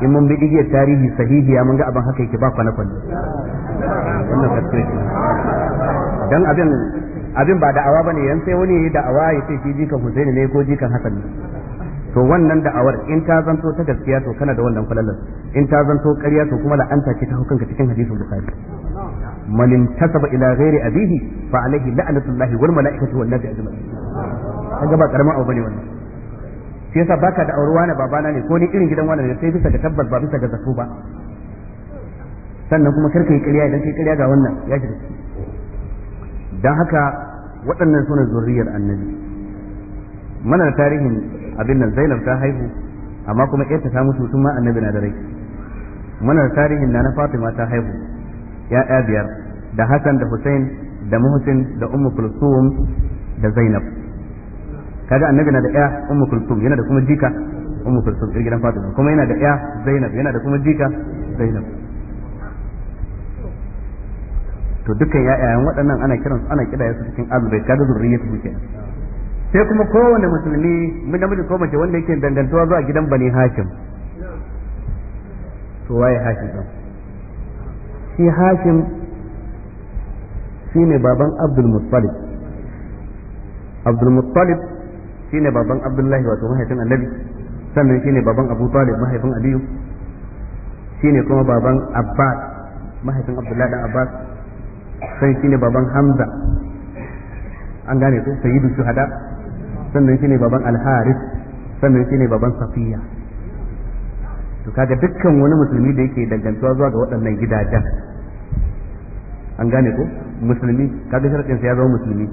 in mun bi igiyar tarihi ya mun ga abin haka yake ba kwana kwana wannan gaskiya dan abin abin ba da'awa bane yan sai wani yayi da'awa ya ce shi jikan Husaini ne ko jikan Hassan ne to wannan da'awar in ta zanto ta gaskiya to kana da wannan falalar in ta zanto ƙarya to kuma la'anta ce ta hukunka cikin hadisin bukhari man intasaba ila ghairi abihi fa alayhi la'natullahi wal mala'ikati wan nasi ajma'in kaga ba karaman abu ne wannan shi yasa baka da aure wani babana ne ko ni irin gidan wani ne sai bisa ga tabbas ba bisa ga zato ba sannan kuma karka yi ƙarya idan kai ƙarya ga wannan ya shiga dan haka waɗannan sunan zuriyar annabi mana tarihin abin nan zainab ta haihu amma kuma ita ta mutu tun ma annabi na da rai muna da tarihin na na fatima ta haihu ya'ya biyar da hasan da hussein da muhsin da ummu kulsum da zainab kaga annabi na da ƴa ummu kulsum yana da kuma jika ummu kulsum ɗin gidan fatima kuma yana da ƴa zainab yana da kuma jika zainab to dukkan ya'yan waɗannan ana kiransu ana kidaya su cikin azubai kaga zurriyatu kenan sai kuma kowane musulmi mun namiji ko mace wanda yake dangantuwa zuwa gidan bani hashim to waye hashim din shi hashim shine baban abdul muttalib abdul muttalib shine baban abdullahi wato mahaifin annabi sannan shine baban abu talib mahaifin aliyu shine kuma baban abbas mahaifin abdullahi dan abbas sai shine baban hamza an gane ko sayyidu shuhada sannan shine baban alharis sannan sannan shine baban safiya to kaga dukkan wani musulmi da yake dangantuwa zuwa ga waɗannan gidajen an gane ko musulmi kaga sharadin sa ya zama musulmi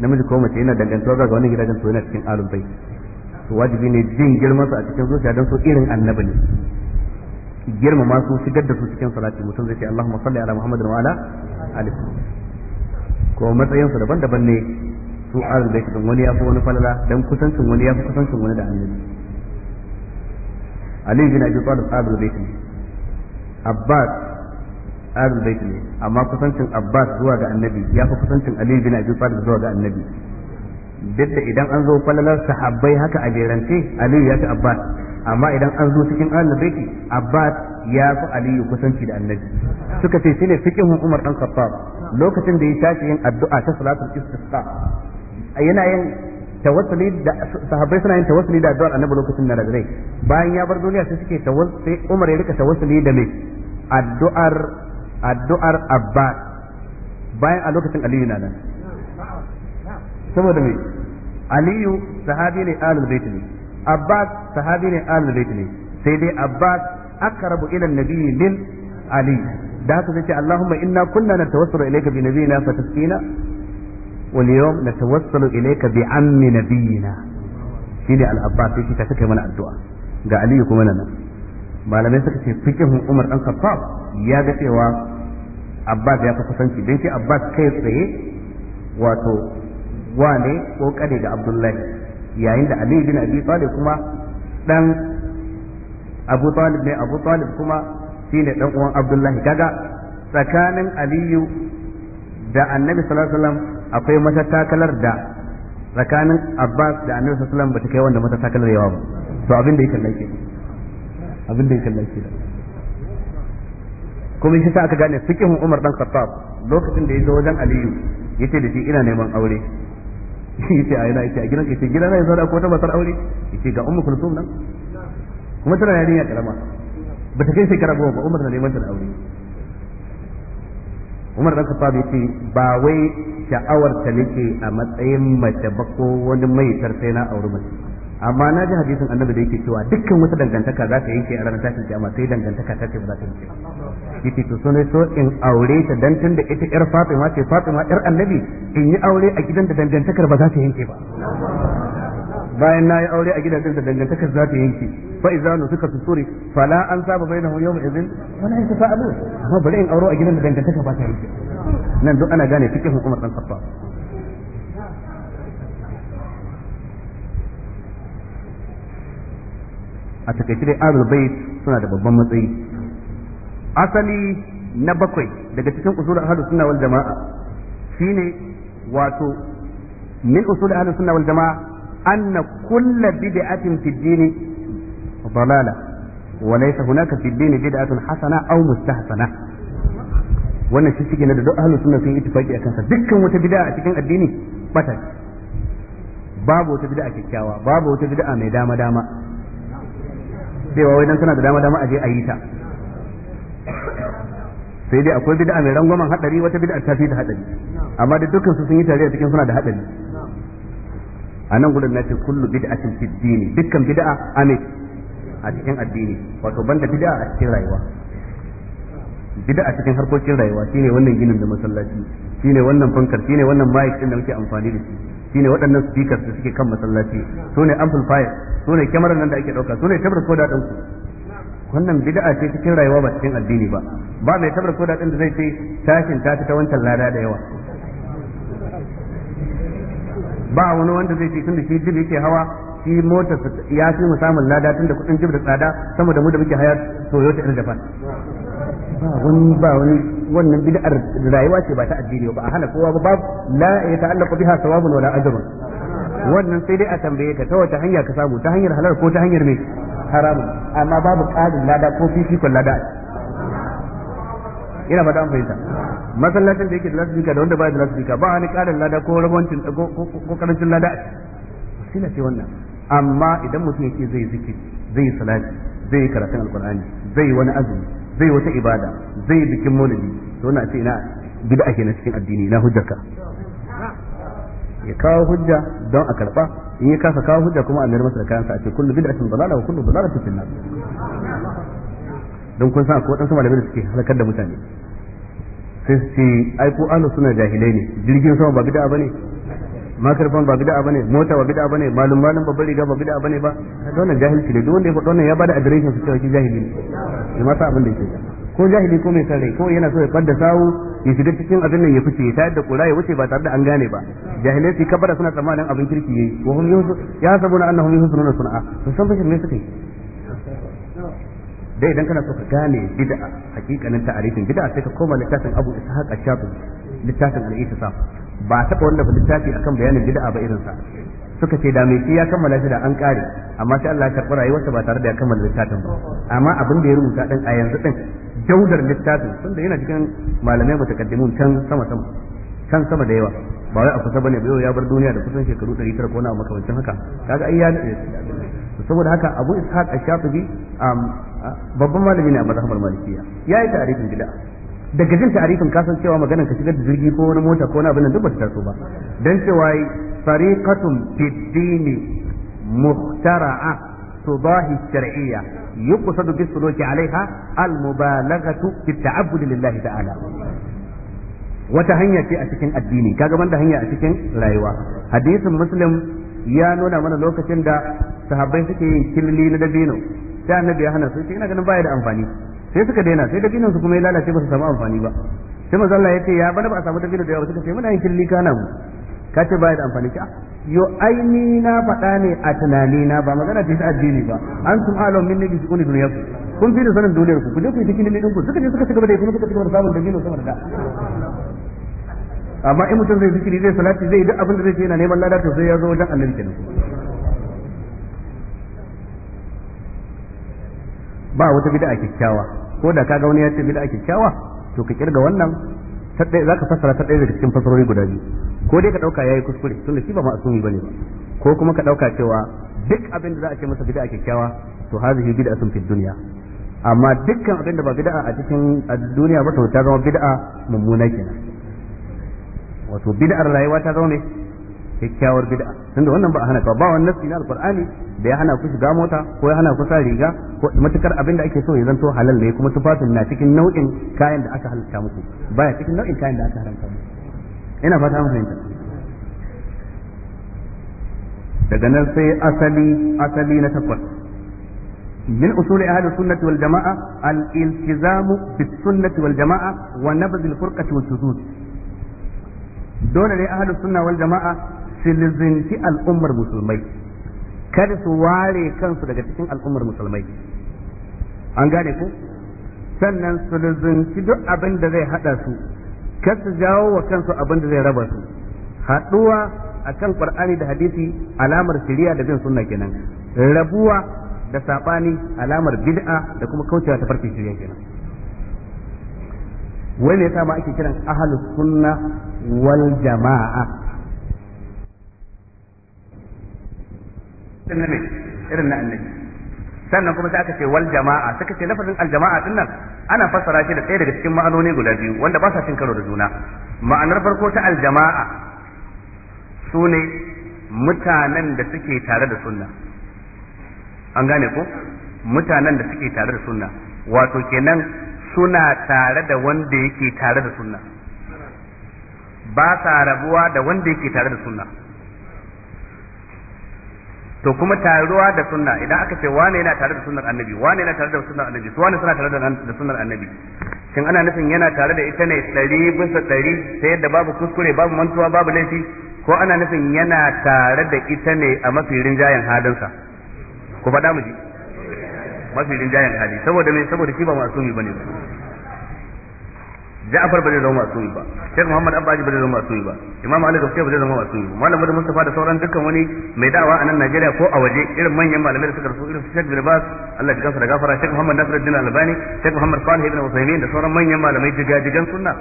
namiji ko mace yana dangantuwa zuwa ga wannan gidajen to yana cikin alul bai to wajibi ne jin girman su a cikin zuciya don su irin annabi ne girmama su shigar da su cikin salati mutum zai ce Allahumma salli ala Muhammadin wa ala alihi ko matsayin su daban-daban ne su ahlul bait din wani ya fi wani falala don kusancin wani ya fi kusancin wani da annabi ali bin abi talib ahlul bait ne abbas ahlul bait ne amma kusancin abbas zuwa ga annabi ya fi kusancin ali bin abi talib zuwa ga annabi duk da idan an zo falalar sahabbai haka a jerance aliyu ya fi abbas amma idan an zo cikin ahlul baiti abbas ya fi aliyu kusanci da annabi suka ce shine fiqhun umar dan khattab lokacin da ya tashi yin addu'a ta salatul istisqa yana yin tawassuli da sahabbai suna yin tawassuli da addu'ar annabi lokacin da rai bayan ya bar duniya sai suke tawassuli Umar ya rika tawassuli da mai addu'ar addu'ar Abbas bayan a lokacin Aliyu na nan saboda mai Aliyu sahabi ne alul bait ne Abbas sahabi ne alul bait ne sai dai Abbas akrabu ila nabiyyi min Ali da haka sai ce Allahumma inna kunna natawassalu ilayka bi nabiyyina fatasqina wal yawm natawassalu ilayka bi ammi nabiyina shine al-abbas yake ta kai mana addu'a ga aliyu kuma nan malamai suka ce fikihun umar dan khattab ya ga cewa abbas ya fi kusanci dan shi abbas kai tsaye wato wane ko kare ga abdullahi yayin da aliyu bin abi talib kuma dan abu talib ne abu talib kuma shine dan uwan abdullahi daga tsakanin aliyu da annabi sallallahu alaihi wasallam akwai matattakalar da tsakanin Abbas da Annabi sallallahu alaihi wasallam bata kai wanda matattakalar yawa ba to abin da yake lake abin da yake lake kuma shi sa aka gane fikihun Umar dan Khattab lokacin da ya zo wajen Aliyu yace da shi ina neman aure yace a yana yace a gidan yace gidan ya zauna ko ta masar aure yace ga Ummu Kulthum nan kuma tana yarinya karama ta kai shekara goma ba Umar na neman ta da aure umar dan khattab yace ba wai sha'awar ta nake a matsayin mace ba ko wani mai sai na auri mace amma na ji hadisin annabi da yake cewa dukkan wata dangantaka za ta yanke a ranar tashin kiyama sai dangantaka ta ce ba za ta yanke yace to sunai so in aure ta dan tun da ita yar Fatima ce Fatima yar annabi in yi aure a gidan da dangantakar ba za ta yanke ba bayan na nayi aure a gidajen da dangantakar za ta yanke fa idza suka fi suri fala an saba bai bainahu yawm idhin wala abu amma bari in aure a gidan da dangantakar ba ta yanke nan duk ana gane cikin hukumar dan kafa. a takaice dai ahlul bait suna da babban matsayi asali na bakwai daga cikin usul ahlus sunna wal jamaa shine wato min usul ahlus sunna wal jamaa أن كل بدعة في الدين ضلالة وليس هناك في الدين بدعة حسنة أو مستحسنة wannan shi cikin da duk ahlus sun yi ittifaqi akan sa dukkan wata bid'a a cikin addini bata babu wata bid'a kyakkyawa babu wata bid'a mai dama dama cewa wai dan tana da dama dama aje a yi ta sai dai akwai bid'a mai rangwamen hadari wata bid'a ta fi ta hadari amma dukkan su sun yi tare a suna da hadari a nan gudun nace kullu bid'atin fi dini dukkan bid'a ame a cikin addini wato banda bid'a a cikin rayuwa bid'a a cikin harkokin rayuwa shine wannan ginin da masallaci shine wannan fankar shine wannan mic din da muke amfani da shi shine waɗannan speakers da suke kan masallaci sune amplifier sune kyamarar nan da ake ɗauka sune tabar koda din ku wannan bid'a ce cikin rayuwa ba cikin addini ba ba mai tabar koda din da zai ce tashin ta ta wancan lada da yawa ba wani wanda zai fi tun da shi jibi yake hawa shi motar ya fi mu samun lada tun da kudin jibi da tsada sama da mu da muke haya Toyota in Japan ba wani ba wani wannan bid'ar rayuwa ce ba ta addini ba a hana kowa ba babu la ya ta'allaqu biha sawabun wala ajrun wannan sai dai a tambaye ka ta wata hanya ka samu ta hanyar halal ko ta hanyar mai haramun amma babu ƙarin lada ko fifikon lada ina fata an fahimta masallacin da yake da lasbika da wanda ba da lasbika ba wani karin lada ko rabancin ko karancin lada sila ce wannan amma idan mutum yake zai zikiri zai salati zai karatun alkur'ani zai wani azumi zai wata ibada zai bikin maulidi to na ce ina bid'a ke na cikin addini na hujjarka ya kawo hujja don a karba in ya kasa kawo hujja kuma a mayar masa da kayansa a ce kullu bid'atin dalala wa kullu dalalatin fil nar don kun san akwai wadansu malamai da suke halakar da mutane sai su ce ai ko alu suna jahilai ne jirgin sama ba bid'a bane makarfan ba bid'a bane mota ba bid'a bane malum malum babbar riga ba bid'a bane ba wannan jahilci ne duk wanda ya faɗa wannan ya bada adireshin su cewa shi jahili ne ya masa abin da yake ko jahili ko mai sarai ko yana so ya fadda sawu ya shiga cikin abin nan ya fice ya tayar da kura ya wuce ba tare da an gane ba jahilai su kabara suna tsammanin abin kirki yayi wa hum yahsabuna annahum yuhsinuna sun'a to san fashin me suka yi dai idan kana so ka gane bid'a hakikanin ta'arifin bid'a sai ka koma littafin Abu Ishaq Ash-Shatibi littafin Al-Ihtisab ba taba wanda littafi akan bayanin bid'a ba irin sa suka ce da mai ya kammala shi da an kare amma sai Allah ya karɓi rayuwarsa ba tare da ya kammala littafin ba amma abin da ya rubuta din a yanzu din jaudar littafin tunda yana cikin malamai mutakaddimun can sama sama can sama da yawa ba wai a kusa bane ba ya bar duniya da kusan shekaru 900 ko na makamancin haka kaga ai ya saboda haka Abu Ishaq Ash-Shatibi babban malami ne a mazhabar malikiya ya yi ta'arifin bid'a daga jin ta'arifin kasan cewa maganar ka shigar da jirgi ko wani mota ko wani abin nan duk ba taso ba dan cewa fariqatun fid dini muhtara'a tudahi shar'iyya yuqsadu bis suluki 'alayha al mubalaghatu fi ta'abbud lillahi ta'ala wata hanya ce a cikin addini kaga banda hanya a cikin rayuwa hadisin muslim ya nuna mana lokacin da sahabbai suke yin killi na dabino sai annabi ya hana su sai ina ganin baya da amfani sai suka daina sai dabinin su kuma ya lalace ba su samu amfani ba sai manzo Allah ya ce ya bana ba a samu dabino da yawa suka ce muna yin kirli kana mu ka ce baya da amfani ka ah, yo aini na faɗa ne a tunani na ba magana ce ta addini ba an sun alam min ne nabi sukuni duniya kun fi da sanin duniyar ku ku je ku yi cikin dalilin ku suka je suka cigaba da kuma suka cigaba da samun dabino sama da amma in mutum zai zikiri zai salati zai duk abin da zai ce yana neman lada to sai ya zo wajen annabi kenan ba wata bid'a kyakkyawa ko da ka wani ya ce bid'a kyakkyawa to ka kirga wannan ta za ka fassara ta ɗaya daga cikin fassarori guda biyu ko dai ka dauka yayi kuskure tunda shi ba ma'asumi bane ba ko kuma ka ɗauka cewa duk abin da za a ce masa bid'a kyakkyawa to bida sun fi dunya amma dukkan abin da ba bid'a a cikin duniya ba to ta zama bid'a mummuna kenan wato bid'ar rayuwa ta zama ne kyakkyawar bid'a tunda wannan ba a hana ka ba wannan nasi na alqur'ani da ya hana ku shiga mota ko ya hana ku sa riga ko matukar abin da ake so ya zanto halal ne kuma tufafin na cikin nau'in kayan da aka halatta muku baya cikin nau'in kayan da aka haramta muku ina fata mun fahimta daga nan sai asali asali na takwas من أصول أهل السنة والجماعة الالتزام بالسنة والجماعة ونبذ الفرقة والشذوذ دون أهل السنة والجماعة Silizinci al'ummar musulmai kada su ware kansu daga cikin al'ummar musulmai an gane ku sannan su duk abin da zai hada su kar su jawo wa kansu abin da zai raba su haduwa akan qur'ani da hadisi alamar shari'a da bin sunna kenan rabuwa da saɓani alamar bid'a da kuma kaucewa ta farkin shari'a kenan wani yasa sama ake kiran ahalus sunna wal jama'a irin na irin na annabi sannan kuma sai aka ce wal jama'a suka ce lafazin al jama'a din nan ana fassara shi da ɗaya daga cikin ma'anoni guda biyu wanda ba sa cin karo da juna ma'anar farko ta al jama'a sune mutanen da suke tare da sunna an gane ko mutanen da suke tare da sunna wato kenan suna tare da wanda yake tare da sunna ba sa rabuwa da wanda yake tare da sunna to kuma taruwa da sunna idan aka ce wane yana tare da sunnar annabi wane yana tare da sunnar annabi to wane suna tare da sunnar annabi shin ana nufin yana tare da ita ne tsari bisa tsari ta yadda babu kuskure babu mantuwa babu laifi ko ana nufin yana tare da ita ne a mafi rinjayen halinsa ku faɗa mu ji mafi rinjayen hali saboda me saboda shi ba masumi bane Ja'far ba zai zama masumi ba Sheikh Muhammad Abba ba zai zama masumi ba Imam Ali Gaskiya ba zai zama masumi ba Malam Muhammad Mustafa da sauran dukkan wani mai da'awa a nan Najeriya ko a waje irin manyan malamai da suka rasu irin Sheikh Bin Baz Allah ya da gafara Sheikh Muhammad Nasiruddin Albani Sheikh Muhammad Salih Ibn Uthaymeen da sauran manyan malamai jigajigan sunna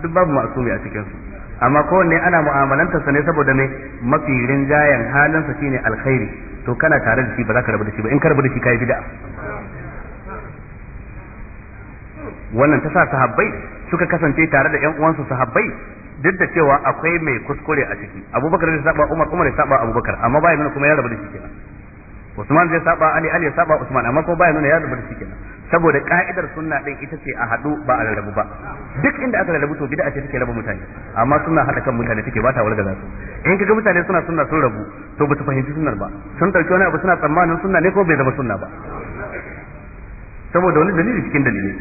duk babu masumi a cikin su amma kowanne ana mu'amalanta sa ne saboda me mafi rinjayen halinsa shine alkhairi to kana tare da shi ba za ka rabu da shi ba in ka rabu da shi kai bid'a wannan ta sa sahabbai suka kasance tare da ƴan uwansu sahabbai duk da cewa akwai mai kuskure a ciki abubakar zai saba umar umar ya saba abubakar amma baya nuna kuma ya rabu da shi kenan usman zai saba ali ali ya saba usman amma kuma baya nuna ya rabu da shi kenan saboda ka'idar sunna din ita ce a hadu ba a rarrabu ba duk inda aka rarrabu to bid'a ce take raba mutane amma sunna hada kan mutane take ba ta za su in kaga mutane suna sunna sun rabu to ba su fahimci sunnar ba sun dauki wani abu suna tsammanin sunna ne ko bai zama sunna ba saboda wani dalili cikin dalili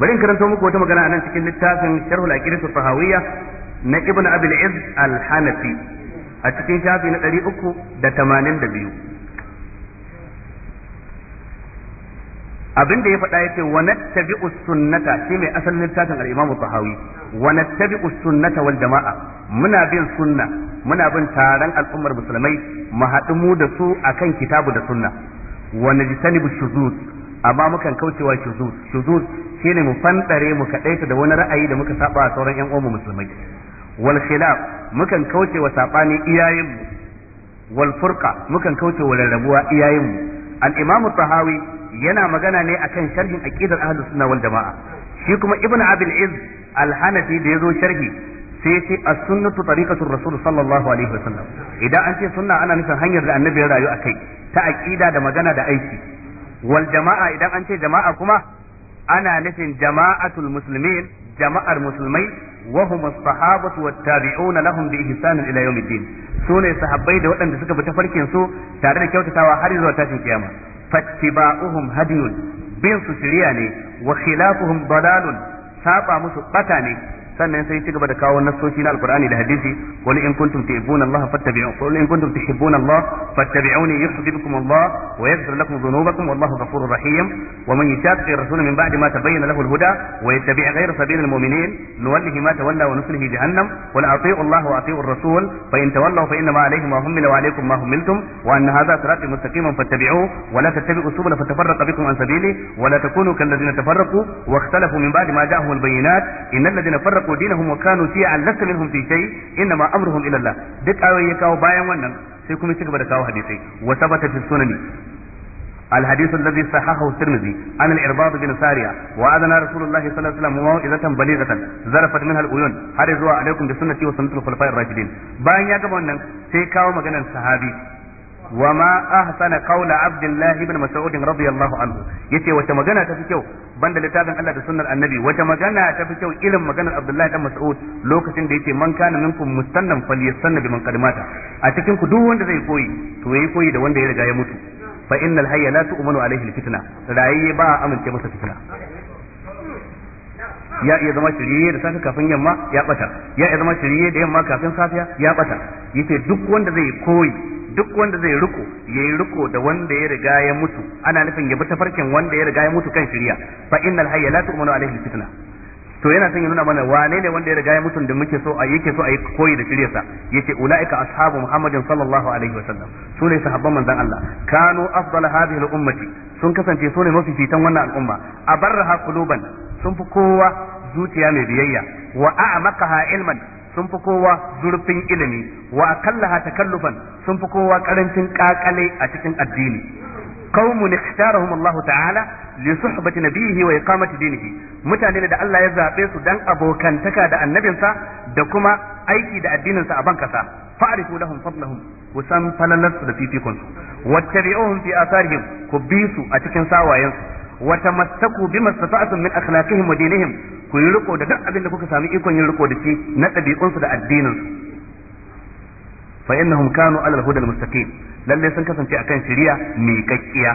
bari in muku wata magana nan cikin littafin sharhul aqidatu sahawiyya na ibn al iz al hanafi a cikin shafi na 382 abin da ya faɗa yace wa nattabi'u sunnata shi mai asalin littafin al imamu sahawi wa nattabi'u sunnata wal jama'a muna bin sunna muna bin taron al'ummar musulmai mu haɗu mu da su akan kitabu da sunna wa najtanibu shuzuz amma mukan kaucewa shuzuz shuzuz shine mu fandare mu kadaita da wani ra'ayi da muka saba sauran yan uwan musulmai wal khilaf mukan kauce wa sabani iyayen mu wal furqa mukan kauce wa rarrabuwa iyayen mu al imamu tahawi yana magana ne akan sharhin aqidar ahlus sunna wal jamaa shi kuma ibnu abil iz al hanafi da yazo sharhi sai ce as sunnatu tariqatu rasul sallallahu alaihi wasallam idan an ce sunna ana nufin hanyar da annabi ya rayu akai ta aqida da magana da aiki wal jama'a idan an ce jama'a kuma ana nufin jama'atul muslimin jama'ar musulmai wa hum as-sahabatu wat-tabi'un lahum bi ihsan ila yawmiddin sune sahabbai da waɗanda suka bi tafarkin su tare da kyautatawa har zuwa tashin kiyama fattiba'uhum hadiyun bin su shiriya ne wa khilafuhum dalalun saba musu bata ne sannan sai ci gaba da kawo nassoshi na alqur'ani da hadisi qul in kuntum tuhibbuna allaha fattabi'u qul in kuntum tuhibbuna allah fattabi'uni yuhibbukum allah wa yaghfir lakum dhunubakum wallahu ghafurur rahim wa man yutabi'ir rasul min ba'di ma tabayyana lahu al-huda wa yattabi' ghayra sabilil muminin nuwallihi ma tawalla wa nuslihi jahannam wa la'ati'u allah wa ati'u ar-rasul fa in tawallaw fa inna ma alayhi ma humila wa alaykum ma humiltum wa anna hadha sirati mustaqiman fattabi'uhu wa la tattabi'u subula fatafarraqa bikum an sabili wa la takunu kal ladina tafarraqu wa ikhtalafu min ba'di ma ja'ahum al-bayyinat innal ladina farraqu farraqu dinahum wa kanu fi allaka minhum fi shay inna ma amruhum ila Allah duk ayoyi ya kawo bayan wannan sai kuma ci gaba da kawo hadisai wa sabata fi sunani الحديث الذي صححه الترمذي عن الإرباض بن سارية وأذن رسول الله صلى الله عليه وسلم موعظة بليغة زرفت منها العيون حرزوا عليكم بسنتي وسنة الخلفاء الراشدين باين يا كمان سيكاو مجانا صحابي Wama ma ahsana qawla abdullah ibn mas'ud radiyallahu anhu yace wace magana ta fi kyau banda littafin Allah da sunnar annabi wace magana ta fi kyau irin maganar Abdullahi dan mas'ud lokacin da yace man kana minkum mustannan falyastanna biman qadimata a cikin ku duk wanda zai koyi to koyi da wanda ya riga ya mutu fa innal hayya la tu'minu alaihi alfitna rayi ba amince masa fitna ya iya zama shirye da safe kafin yamma ya bata ya zama da yamma kafin safiya ya yace duk wanda zai koyi duk wanda zai riko yayi yi riko da wanda ya riga ya mutu ana nufin ya bi farkin wanda ya riga ya mutu kan shirya fa innal hayya la tu'minu alaihi fitna to yana son ya nuna mana wane ne wanda ya riga ya mutu da muke so a yake so a yi koyi da shiryarsa yace ulaika ashabu muhammadin sallallahu alaihi wasallam su ne sahabban manzon Allah kanu afdal hadhihi ummati sun kasance su ne mafi fitan wannan al'umma abarraha quluban sun fi kowa zuciya mai biyayya wa a'maqaha ilman sun fi kowa zurfin ilimi wa aqallaha takallufan sun fi kowa karancin kakale a cikin addini qaumun ikhtarahum Allah ta'ala li suhbati nabiyhi wa iqamati dinihi mutane da Allah ya zabe su dan abokantaka da annabinsa da kuma aiki da addinin sa a sa fa'rifu lahum fadlahum ku san falalarsu da fifikonsu wattabi'uhum fi atharihim ku bi su a cikin sawayensu وتمسكوا بما استطعتم من اخلاقهم ودينهم ku yi riko da duk abin da kuka sami ikon yin riko da shi na ɗabi'unsu da addininsu fa innahum kanu ala al-huda al-mustaqim lalle sun kasance akan shari'a mai kakkiya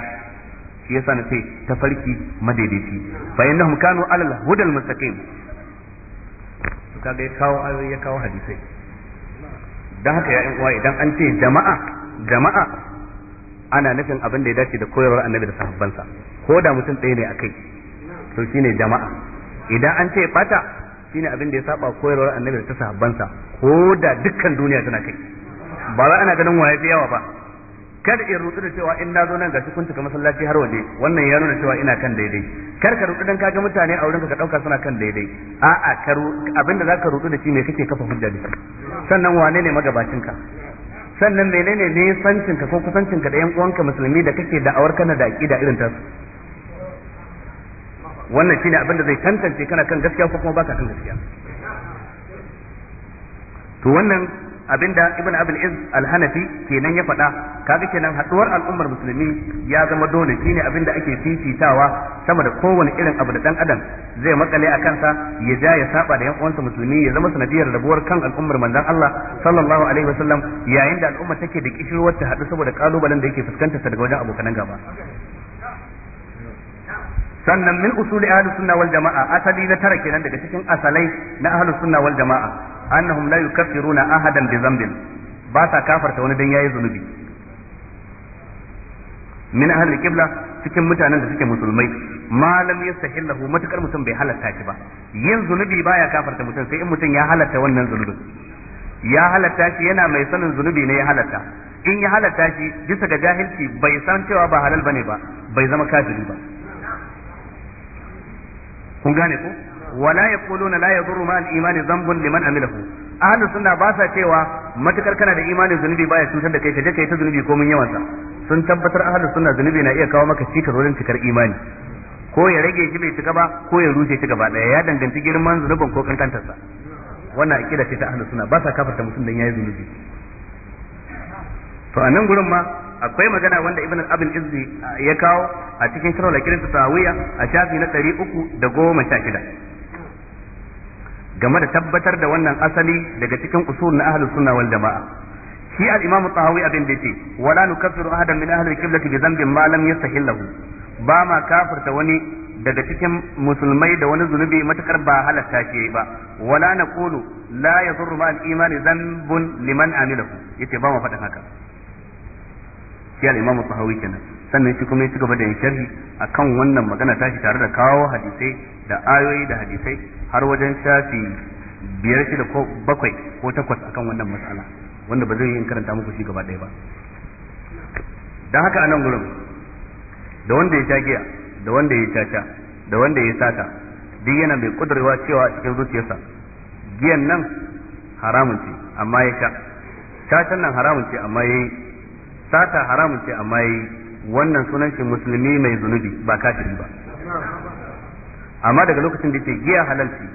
shi yasa na ce tafarki madaidaici fa innahum kanu ala al-huda al-mustaqim to kaga ya kawo ya kawo hadisai dan haka ya yan uwa idan an ce jama'a jama'a ana nufin abin da ya dace da koyarwar annabi da sahabbansa ko da mutum ɗaya ne akai to shine jama'a idan an ce bata shine abin da ya saba koyarwar annabi da ta sahabbansa ko da dukkan duniya tana kai ba za ana ganin waye fi yawa ba kada in rutu da cewa in na zo nan shi kun tuka masallaci har waje wannan ya nuna cewa ina kan daidai kar ka rutu dan kaga mutane a wurin ka dauka suna kan daidai a'a ka da zaka rutu da shi me kake kafa hujja da shi sannan wane ne magabacin ka sannan menene ne sancin ka ko kusancin ka da yan uwanka musulmi da kake da'awar kana da aqida irin tasu wannan shine abin da zai tantance kana kan gaskiya ko kuma baka kan gaskiya to wannan abinda ibn abul iz al-hanafi kenan ya faɗa kaga kenan haduwar al'ummar musulmi ya zama dole shine abinda ake fifitawa sama da kowane irin abu da dan adam zai makale a kansa ya ja ya saba da yan uwansa musulmi ya zama sanadiyar rabuwar kan al'ummar manzon Allah sallallahu alaihi wasallam yayin da al'umma take da kishirwar ta hadu saboda kalubalen da yake fuskanta daga wajen abokan gaba sannan min usuli ahli sunna wal jama'a asali na tara kenan daga cikin asalai na ahli sunna wal jama'a annahum la yukaffiruna ahadan bi dhanbin ba sa kafarta wani dan yayi zunubi min ahli kibla, cikin mutanen da suke musulmai malam lam yastahillahu matakar mutum bai halatta shi ba yin zunubi baya kafarta mutum sai in mutum ya halatta wannan zunubin ya halatta shi yana mai sanin zunubi ne ya halatta in ya halatta shi bisa ga jahilci bai san cewa ba halal bane ba bai zama kafiri ba kun gane ko wala yaquluna la yadurru ma al iman dhanbun liman amilahu ahlus sunna ba sa cewa matukar kana da imanin zunubi baya cutar da kai kaje kai ta zunubi ko mun yawan sa sun tabbatar ahlus sunna zunubi na iya kawo maka cikar wurin cikar imani ko ya rage shi bai cika ba ko ya rushe shi gaba daya ya danganci girman zunubin ko kankantar sa wannan akida ce ta ahlus sunna ba sa kafarta mutum dan yayi zunubi to a nan gurin ma akwai magana wanda ibn abin izzi ya kawo a cikin shirar kirin tsawiya a shafi na ɗari uku da goma sha shida game da tabbatar da wannan asali daga cikin usul na ahlus sunna wal jama'a shi al-imam tahawi abin da yake wala nukaffiru ahadan min ahli al-qiblati bi dhanbin ma lam yastahillahu ba ma kafirta wani daga cikin musulmai da wani zunubi matakar ba halatta shi ba wala naqulu la yadhurru ma al-iman dhanbun liman amilahu yace ba mu faɗin haka shi al-Imam Tahawi kenan sannan shi kuma ya ci gaba da yin sharhi akan wannan magana tashi tare da kawo hadisai da ayoyi da hadisai har wajen shafi biyar shida ko bakwai ko takwas akan wannan mas'ala wanda ba zai yi karanta muku shi gaba ɗaya ba dan haka a nan gurin da wanda ya sha giya da wanda ya caca da wanda ya sata duk yana mai kudurwa cewa cikin zuciyarsa giyan nan haramun ce amma ya sha cacan nan haramun ce amma ya yi sata haramun ce amma yi wannan sunan shi musulmi mai zunubi ba kafiri ba amma daga lokacin da ke giya halalci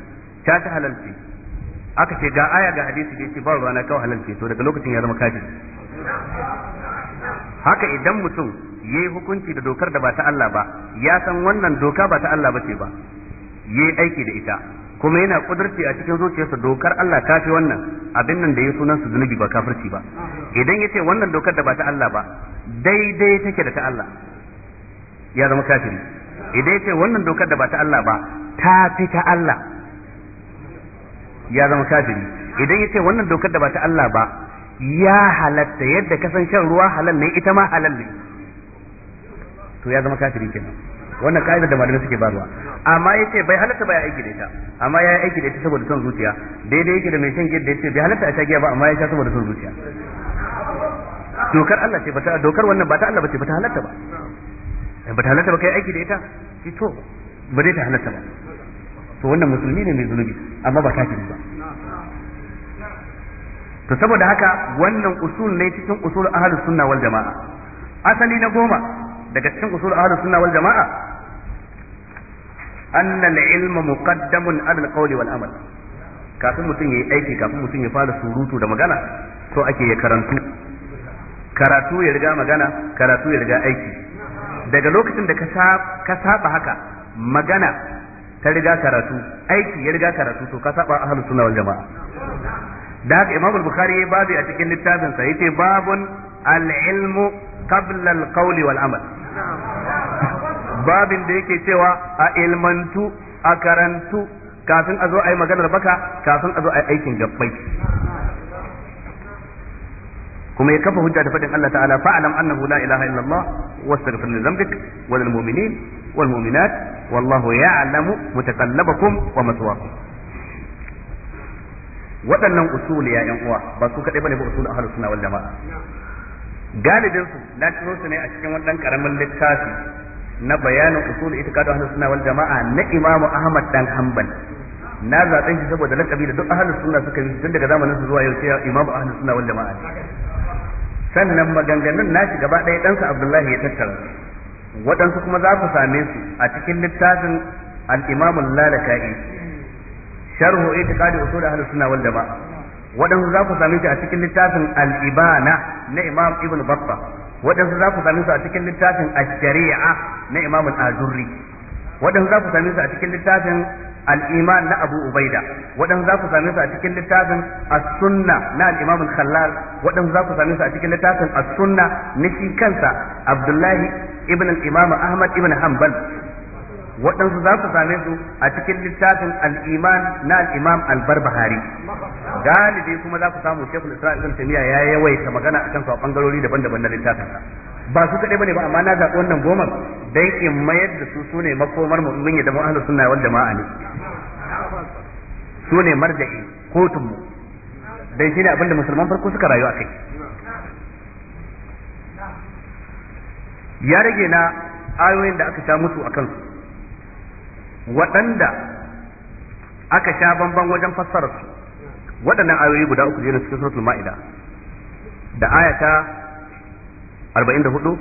ta ta halalci aka ce ga aya ga hadisi da yake ba na kawai halalci to daga lokacin ya zama kafiri haka idan mutum yayi hukunci da dokar da ba ta Allah ba ya san wannan doka ba ta Allah ba ce ba yayi aiki da ita kuma yana kudurci a cikin zuciyarsa dokar Allah ta fi wannan abin nan da ya sunan su zunubi ba kafirci ba idan ya ce wannan dokar da ba ta Allah ba daidai take da ta Allah ya zama kafiri idan ya ce wannan dokar da ba ta Allah ba ta fi ta Allah ya zama kafiri idan ya ce wannan dokar da ba ta Allah ba ya halatta yadda kasan shan ruwa halal ne ita ma halal ne to ya zama kafiri kenan wannan ka'ida da malamai suke barwa amma yace bai halatta bai ya aiki da ita amma ya aiki da ita saboda son zuciya daidai yake da mai shan giya da yace bai halatta a sha giya ba amma ya sha saboda son zuciya dokar Allah ce bata dokar wannan ba ta Allah bace bata halatta ba eh, bata halatta ba kai aiki da ita ki to ba dai ta halatta ba to wannan musulmi ne mai zunubi amma ba kafiri ba to saboda haka wannan usul ne cikin usul ahlus sunna wal jamaa asali na goma daga cikin usul ahlus sunna wal jama'a anna al-ilm muqaddam ala al qawl wal amal kafin mutum yayi aiki kafin mutum ya fara surutu da magana to ake ya karantu karatu ya riga magana karatu ya riga aiki daga lokacin da ka saba haka magana ta riga karatu aiki ya riga karatu to ka saba ahlus sunna wal jama'a da haka imam al-bukhari ya babi a cikin littafin sa yace babun al ilm qabla al-qawli wal amal babin da yake cewa a ilmantu a karantu kafin a zo a yi maganar baka kafin a zo a yi aikin gabbai kuma ya kafa hujja da fadin Allah ta'ala fa'alam annahu la ilaha illallah astaghfir li dhanbik wa lil mu'minin wal mu'minat wallahu ya'lamu mutaqallabakum wa maswaakum waɗannan usuli ya yan uwa ba su kadai bane ba usulul ahlus sunna wal jama'a galibin su na ciro su ne a cikin wani dan karamin littafi na bayanin usul itiqad ahlus sunna wal jamaa na imamu ahmad dan hanbal na zaben shi saboda lakabi da duk ahlus sunna suka yi tun daga zamanin su zuwa yau sai imamu ahlus sunna wal jamaa sannan maganganun nashi gaba ɗaya ɗansa abdullahi ya tattara waɗansu kuma za ku same su a cikin littafin al-imam al-lalaka'i sharhu itiqad usul ahlus sunna wal jamaa waɗansu za ku same shi a cikin littafin al na imam ibn babba waɗansu za ku same su a cikin littafin ash-shari'a na imam al-azurri waɗansu za ku same su a cikin littafin al na abu ubaida waɗansu za ku same su a cikin littafin as-sunna na al-imam al-khallal waɗansu za ku same su a cikin littafin as-sunna na shi kansa abdullahi ibn al-imam ahmad ibn hanbal waɗansu za su same su a cikin littafin al'iman na al'imam albar galibi kuma za ku samu shekul isra ibn tamiya ya yawaita magana a kan a daban-daban na littafin ba su kaɗai bane ba amma na zaɓi wannan goma dai in mayar da su sune makomar mu mun yadda dama ahlus sunna wal jama'a ne sune marja'i kotun mu dan shine abinda musulman farko suka rayu a kai ya rage na ayoyin da aka sha musu akan su waɗanda aka sha bamban wajen fassara su waɗannan ayoyi guda uku ne cikin suratul ma'ida da aya ta 44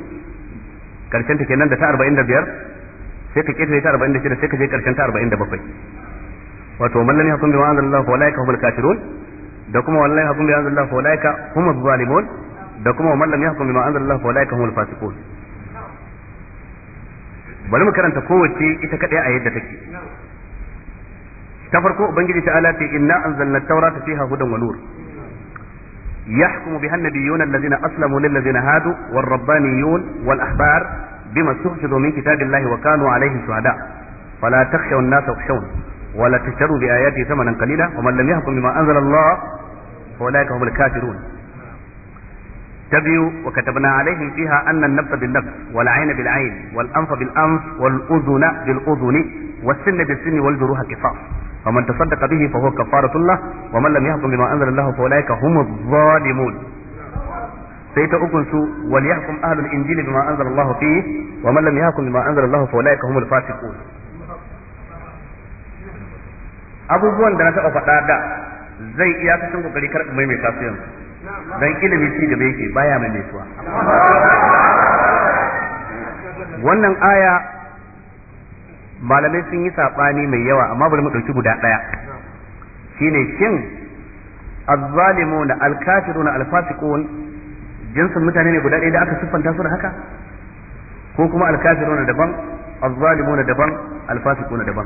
karshen ta kenan da ta 45 sai ka ƙetare ta 46 sai ka je karshen ta 47 wato man lam yahkum bima anzalallahu fa ulaika humul kafirun da kuma wallahi hakum fa ulaika humuz zalimun da kuma man lam yahkum bima anzalallahu fa ulaika humul fasiqun bari mu karanta kowace ita kaɗai a yadda take ta farko ubangiji ta alafi inna taura taurata fiha hudan wa nur yahkumu bi hannabiyyuna allazina aslamu na ladzina hadu war rabbaniyun wal ahbar bima suhfidu min kitabillahi wa kanu alayhi shuhada فلا تخشوا الناس وخشون ولا تشتروا بآياتي ثمنا قليلا ومن لم يحكم بما أنزل الله فأولئك هم الكافرون تبيو وكتبنا عليهم فيها أن النبض بالنبض والعين بالعين والأنف بالأنف والأذن بالأذن والسن بالسن والجروح كفار فمن تصدق به فهو كفارة الله ومن لم يحكم بما أنزل الله فأولئك هم الظالمون سيت أكنس وليحكم أهل الإنجيل بما أنزل الله فيه ومن لم يهكم بما أنزل الله فأولئك هم الفاسقون أبو بوان دنسا أفتادا زي إياك تنقل قريكا ميمي تاسيانسو dan ilimi ci gaba yake baya mai metuwa wannan aya malamai sun yi saɓani mai yawa amma bari mu dauki guda ɗaya shine shin azzalimuna na alfasiqun jinsin mutane ne guda ɗaya da aka siffanta su da haka ko kuma na daban na daban na daban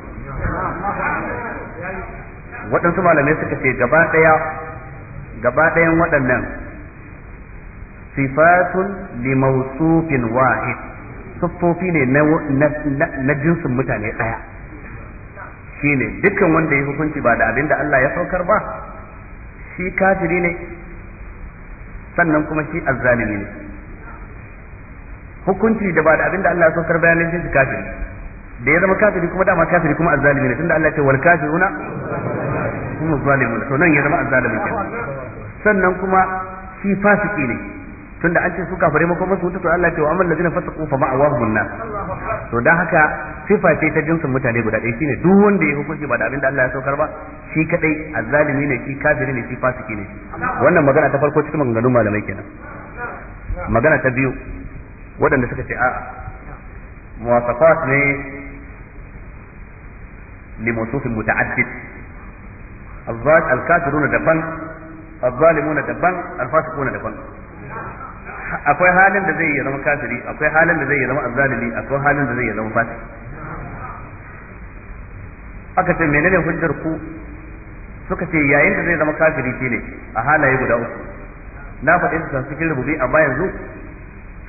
waɗansu malamai suka ce gaba ɗaya gaba ɗayan waɗannan sifatun limausufin wahid siffofi ne na jinsin mutane ɗaya shine dukkan wanda ya hukunci ba da abin da Allah ya saukar ba shi kafiri ne sannan kuma shi azzalimi ne hukunci da ba da abin da Allah ya saukar ba yana jinsi kafiri da ya zama kafiri kuma dama kafiri kuma azzalimi ne tunda Allah ya ce wal kafiruna kuma zalimuna to nan ya zama azzalimi kenan sannan kuma shi fasiki ne tunda an ce su kafare makon masu wuta to Allah ce wa amal ladina fasaqu fa ma'awahum an to dan haka sifa ce ta jinsin mutane guda ɗaya shine duk wanda ya hukunci ba da abin da Allah ya saukar ba shi kadai azzalimi ne shi kafiri ne shi fasiki ne wannan magana ta farko cikin maganganun malamai kenan magana ta biyu waɗanda suka ce a'a muwasafat ne li muta'addid الكافرون daban azzalimuna daban alfasiquna daban akwai halin da zai yi zama kafiri akwai halin da zai yi zama azzalimi akwai halin da zai yi zama fasik aka ce menene hujjar ku suka ce yayin da zai zama kafiri shine a halaye guda uku na faɗi su cikin rububi amma yanzu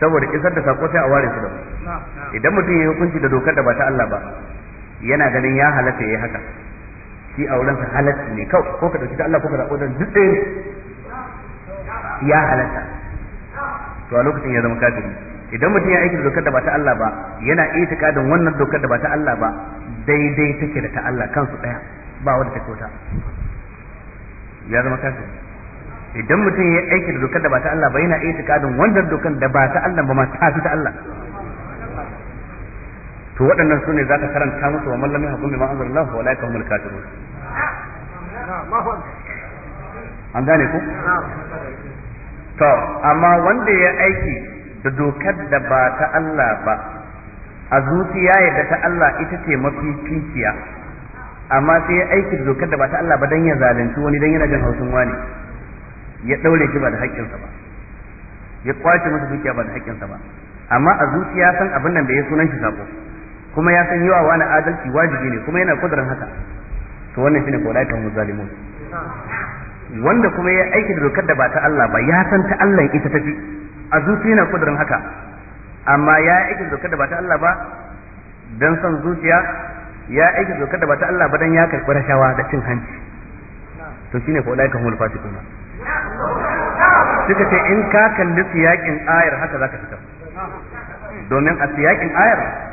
saboda isar da sako sai a ware su da idan mutum ya hukunci da dokar da ba ta Allah ba yana ganin ya halatta yayi haka shi auren sa halatta ne kawai ko ka dauki ta Allah ko ka zaɓo da duk ɗaya ya halatta to a lokacin ya zama kafiri idan mutum ya aiki da dokar da ba ta Allah ba yana itikadin wannan dokar da ba ta Allah ba daidai take da ta Allah kansu ɗaya ba wanda ta kyauta ya zama kafiri idan mutum ya aiki da dokar da ba ta Allah ba yana itikadin wannan dokar da ba ta Allah ba ma ta fi ta Allah to waɗannan su ne za ka karanta musu wa mallami hakun bi ma'azar Allah wa laika humul kafirun an gane ku to amma wanda ya aiki da dokar da ba ta Allah ba a zuciya yadda ta Allah ita ce mafi kinciya amma sai ya aiki da dokar da ba ta Allah ba dan ya zalunci wani dan yana jin hausin wani ya daure shi ba da haƙƙinsa ba ya kwace masa dukiya ba da haƙƙinsa ba amma a zuciya san abin nan da ya sunan shi sako kuma ya san yawa wani adalci wajibi ne kuma yana kudurin haka to wannan shine ko laifin muzalimun wanda kuma ya aiki da dokar da ba ta Allah ba ya san ta Allah ita tafi a zuciya yana kudurin haka amma ya aiki da dokar da ba ta Allah ba dan son zuciya ya aiki da dokar da ba ta Allah ba dan ya karɓi rashawa da cin hanci to shine ko laifin mu fasiquna suka ce in ka kalli siyakin ayar haka zaka fita
domin a siyakin ayar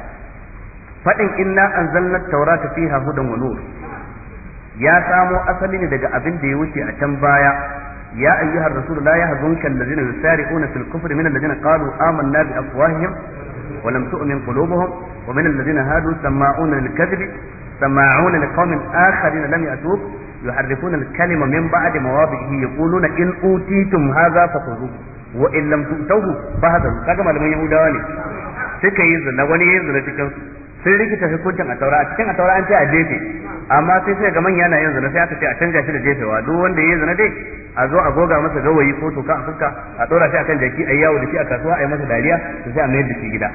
faɗin inna أنزلنا التوراة فيها هدى wa nur ya samo asali ne daga abin da ya wuce a can baya يا أيها الرسول لا يهزنك الذين يسارعون في الكفر من الذين قالوا آمنا بأفواههم ولم تؤمن قلوبهم ومن الذين هادوا سماعون للكذب سماعون لقوم آخرين لم يأتوك يحرفون الكلمة من بعد موابعه يقولون إن أوتيتم هذا فخذوه وإن لم تؤتوه فهذا كما لم يهوداني سكيز لوني يزل تكنسوا sun rikita hukuncin a taura a cikin a taura an ce a jefe amma sai sai ga manya na yin zina sai aka ce a canja shi da jefewa duk wanda yayi zina dai a zo a goga masa gawayi ko toka a fuska a dora shi akan jaki a yawo da shi a kasuwa a yi masa dariya to sai a mayar da shi gida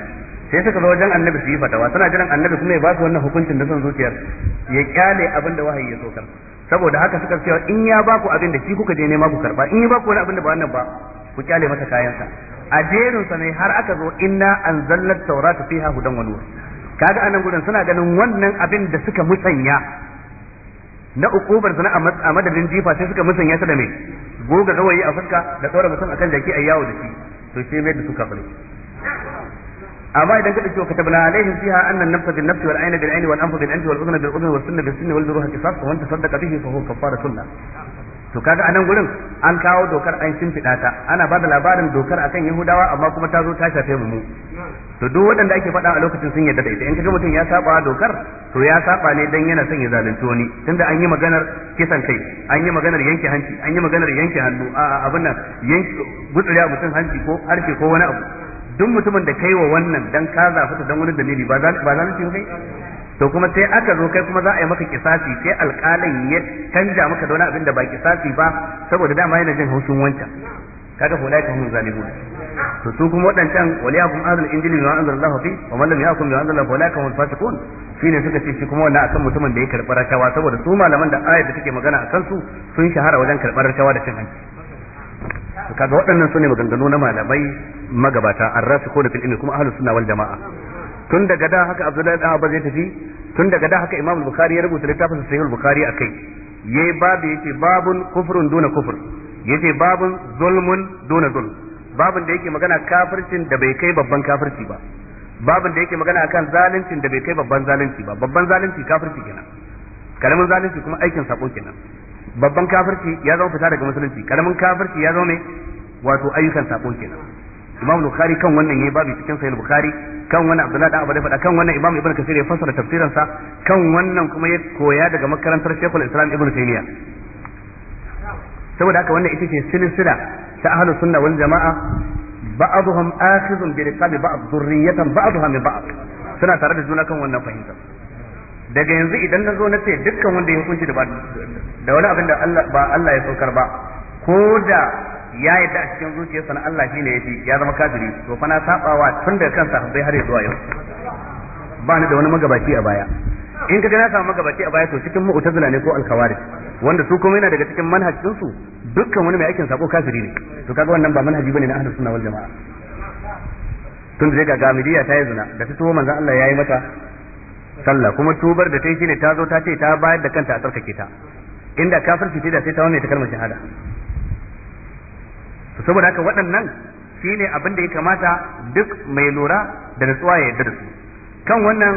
sai suka zo wajen annabi su yi fatawa suna jiran annabi kuma ya ba su wannan hukuncin da son zuciyar ya kyale abin da wahayi ya sokar saboda haka suka cewa in ya ba ku abin da shi kuka je nema ku karba in ya ba ku wani abin da ba wannan ba ku kyale masa kayansa a jerin sa ne har aka zo inna anzalna taurata fiha hudan wa nur kaga anan gudan suna ganin wannan abin da suka musanya na ukubar sana a madadin jifa sai suka musanya ta da mai goga gawayi a fuska da tsora mutum akan jaki a yawo da shi to sai mai da suka kafare amma idan ka dauki ka katabna alaihim fiha anna an-nafsa bin nafsi wal ayna bil ayni wal anfa bil anfi wal udhna bil udhni was sunna bis sunni wal ruha qisas wa man tasaddaqa bihi fa huwa kafara sunnah to kaga anan gurin an kawo dokar an shimfiɗa ta ana ba da labarin dokar akan yahudawa amma kuma ta zo ta shafe mu mu to duk waɗanda ake faɗa a lokacin sun yarda da ita in kaga mutum ya saba dokar to ya saba ne dan yana son ya zalunci wani tunda an yi maganar kisan kai an yi maganar yanke hanci an yi maganar yanke hannu a abin nan yanke a mutum hanci ko harfe ko wani abu duk mutumin da kai wa wannan dan ka zafi dan wani dalili ba zalunci kai to kuma sai aka zo kai kuma za a yi maka kisasi sai alƙalin ya canja maka da wani abin da ba kisasi ba saboda dama yana jin haushin wancan kaga hulai kan hun zalimun to su kuma wadancan waliyakum azal injili wa anzalallahu fi wa man lam yakum bi anzalallahu wala kan fasiqun ne suka ce shi kuma wannan akan mutumin da ya karɓi rashawa saboda su malaman da ayat da take magana akan su sun shahara wajen karɓar rashawa da cin hanci kaga waɗannan sune maganganu na malamai magabata arrasu ko da fil ilmi kuma ahlus sunna wal jamaa tun daga da haka Abdullahi ibn Abbas ya tafi tun daga da haka Imam Bukhari ya rubuta littafin Sahih Bukhari akai yayi babu yace babun kufrun duna kufr yace babun zulmun duna zulm babun da yake magana kafircin da bai kai babban kafirci ba babun da yake magana akan zaluncin da bai kai babban zalunci ba babban zalunci kafirci kenan karamin zalunci kuma aikin sako kenan babban kafirci ya zama fita daga musulunci karamin kafirci ya zama ne wato ayyukan sako kenan imam bukhari kan wannan yayi babu cikin sahih bukhari kan wannan abdullahi dan abdai faɗa kan wannan imam ibnu kasir ya fassara tafsirin sa kan wannan kuma ya koya daga makarantar shaykhul islam ibnu taymiya saboda haka wannan ita ce silsila ta ahlus sunna wal jamaa ba'dhum akhizun bi riqabi ba'd dhurriyatan ba'dha min ba'd suna tare da juna kan wannan fahimta daga yanzu idan na zo na ce dukkan wanda ya hukunci da ba da wani abin da Allah ba Allah ya saukar ba ko da ya yadda a cikin zuciyarsa na Allah shine yafi ya zama kafiri to fa na sabawa tun daga kansa bai har zuwa yau ba ni da wani magabaci a baya in ka ga na samu magabaci a baya to cikin mu'tazila ne ko alkhawarij wanda su kuma yana daga cikin manhajin su dukkan wani mai aikin sako kafiri ne to kaga wannan ba manhaji bane na ahlus sunna wal jamaa tun da ga gamidiya ta yi zina da ta tuwo manzon Allah yayi mata sallah kuma tubar da ta yi shine ta zo ta ce ta bayar da kanta a tsarkake ta inda kafirci ce da sai ta wani ta kalmar shahada to saboda haka waɗannan shine abin da ya kamata duk mai lura da nutsuwa ya yarda da su kan wannan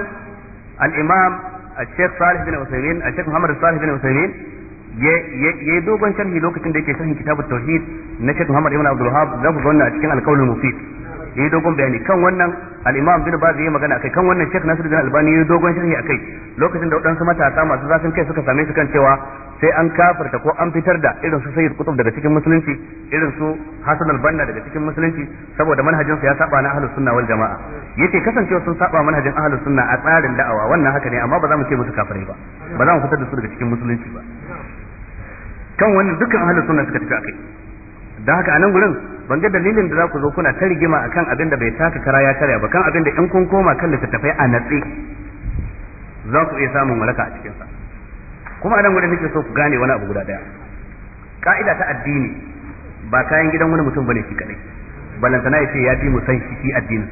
al'imam a al-sheikh salih bin usaimin a sheikh muhammad salih bin usaimin ya yi dogon sharhi lokacin da yake sharhin kitabu tauhid na sheikh muhammad ibn abdul wahab za ku a cikin al-qawl mufid Yi dogon bayani kan wannan al'imam bin bazi yayi magana akai kan wannan Sheikh Nasiruddin Albani yi dogon sharhi akai lokacin da waɗansu matasa masu zafin kai suka same su kan cewa sai an kafirta ko an fitar da irin su Sayyid kutub daga cikin musulunci irin su Hasan albanna daga cikin musulunci saboda manhajin su ya saba na ahlus sunna wal jamaa yace kasancewa sun saba manhajin ahlus sunna a tsarin da'awa wannan haka ne amma ba za mu ce musu kafirai ba ba za mu fitar da su daga cikin musulunci ba kan wannan dukkan ahlus sunna suka tafi akai dan haka anan gurin ban ga dalilin da za ku zo kuna ta rigima akan abin da bai taka kara ya karya ba kan abin da in kun koma kan littattafai a natsi za ku iya samun malaka a cikinsa kuma a nan gudun nake so ku gane wani abu guda daya ka'ida ta addini ba kayan gidan wani mutum bane shi kadai balantana ya ce ya fi mu san shi addini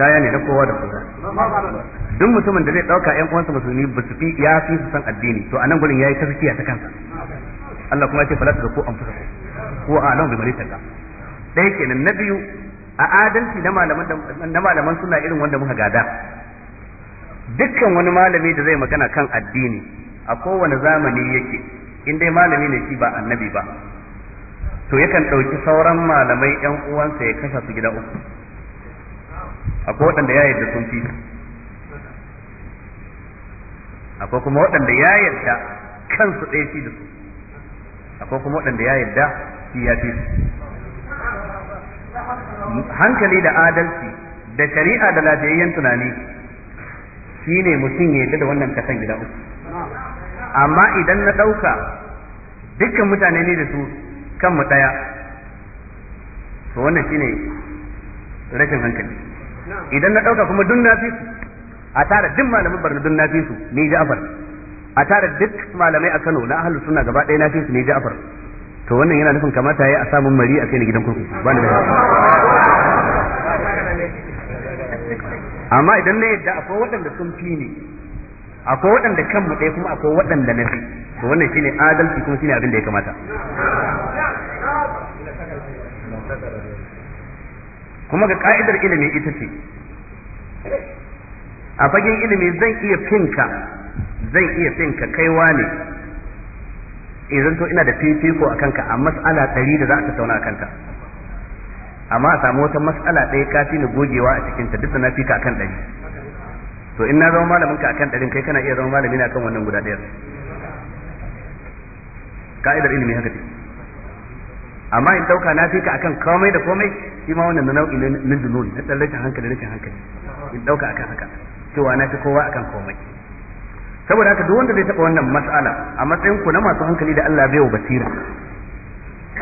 kaya ne na kowa da
kowa
duk mutumin da zai dauka yan uwansa musulmi ba su fi ya fi su san addini to a nan gurin yayi tafiya ta kansa Allah kuma ya ce fala ta ku an fusa a a'lamu bai ka. dai kenan na biyu a adalci na malaman na malaman suna irin wanda muka gada dukkan wani malami da zai magana kan addini a kowane zamani yake in dai malami ne shi ba annabi ba to yakan ɗauki sauran malamai ƴan uwansa ya kasa su gida uku akwai waɗanda ya yarda sun fi akwai kuma waɗanda ya yarda kansu ɗaya fi da su akwai kuma waɗanda ya yarda siyasi hankali da adalci da shari'a da lafiyayyen tunani shine mutum ya da wannan kasan gida uku amma idan na ɗauka dukkan mutane ne da su kanmu ɗaya to wannan shine rashin hankali idan na ɗauka kuma dun nafi su a tara duk malamin barna dun nafi su ni ja'far a tara duk malamai a Kano na ahlus sunna gaba ɗaya nafi su ni ja'far to wannan yana nufin kamata yi a samun mari a kai na gidan kurkuku ba ni da amma idan na yadda akwai waɗanda sun fi ni akwai waɗanda kan mu ɗaya kuma akwai waɗanda na fi to wannan shine adalci kuma shine abin da ya kamata kuma ga ka'idar ilimi ita ce a fagen ilimi zan iya finka zan iya finka kaiwa ne Idan to ina da fifiko a kanka a mas'ala ɗari da za a tauna a kanta amma a samu wata mas'ala ɗaya ka fi ni gogewa a cikinta duk da na fi ka akan ɗari to in na zama malamin ka akan ɗarin kai kana iya zama malami na akan wannan guda ɗaya. ka'idar ilimi haka ce amma in ɗauka na fi ka akan komai da komai shi ma wannan nau'i na dunoni na ɗan rashin hankali rashin hankali in ɗauka akan haka cewa na fi kowa akan komai saboda haka duk wanda zai taba wannan mas'ala a matsayin ku na masu hankali da Allah bai wa basira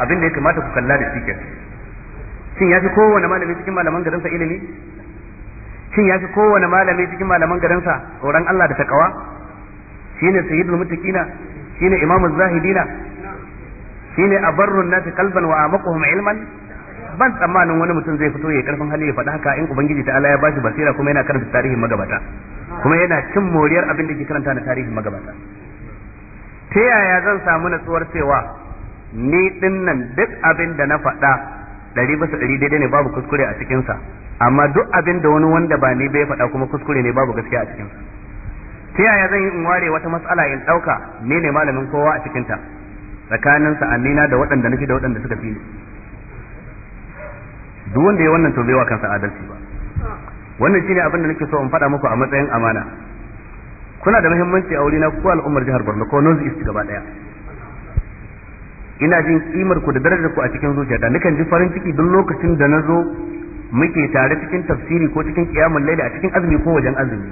abin da ya kamata ku kalla da shi shin ya fi kowane malami cikin malaman garinsa ilimi shin ya fi kowane malami cikin malaman garinsa tsoron Allah da takawa shine sayyidul mutaqina shine imamul zahidina shine abarrun nasi qalban wa amaquhum ilman ban tsammanin wani mutum zai fito ya karfin hali ya faɗa haka in ubangiji ta Allah ya bashi basira kuma yana karanta tarihin magabata kuma yana cin moriyar abin da ke karanta na tarihin magabata ta yaya zan samu natsuwar cewa ni dinnan duk abin da na faɗa ɗari bisa ɗari daidai ne babu kuskure a cikinsa amma duk abin da wani wanda ba ni bai faɗa kuma kuskure ne babu gaskiya a cikinsa ta yaya zan yi in ware wata matsala in ɗauka ni ne malamin kowa a cikinta tsakanin sa'annina da waɗanda nake da waɗanda suka fi ni duk wanda ya wannan tobewa wa kansa adalci ba wannan shine abin da nake so in faɗa muku a matsayin amana kuna da muhimmanci a wurina ko al'ummar jihar Borno ko North East gaba daya ina jin kimar ku da darajar ku a cikin zuciya da nakan ji farin ciki duk lokacin da nazo muke tare cikin tafsiri ko cikin kiyamul laili a cikin azumi ko wajen azumi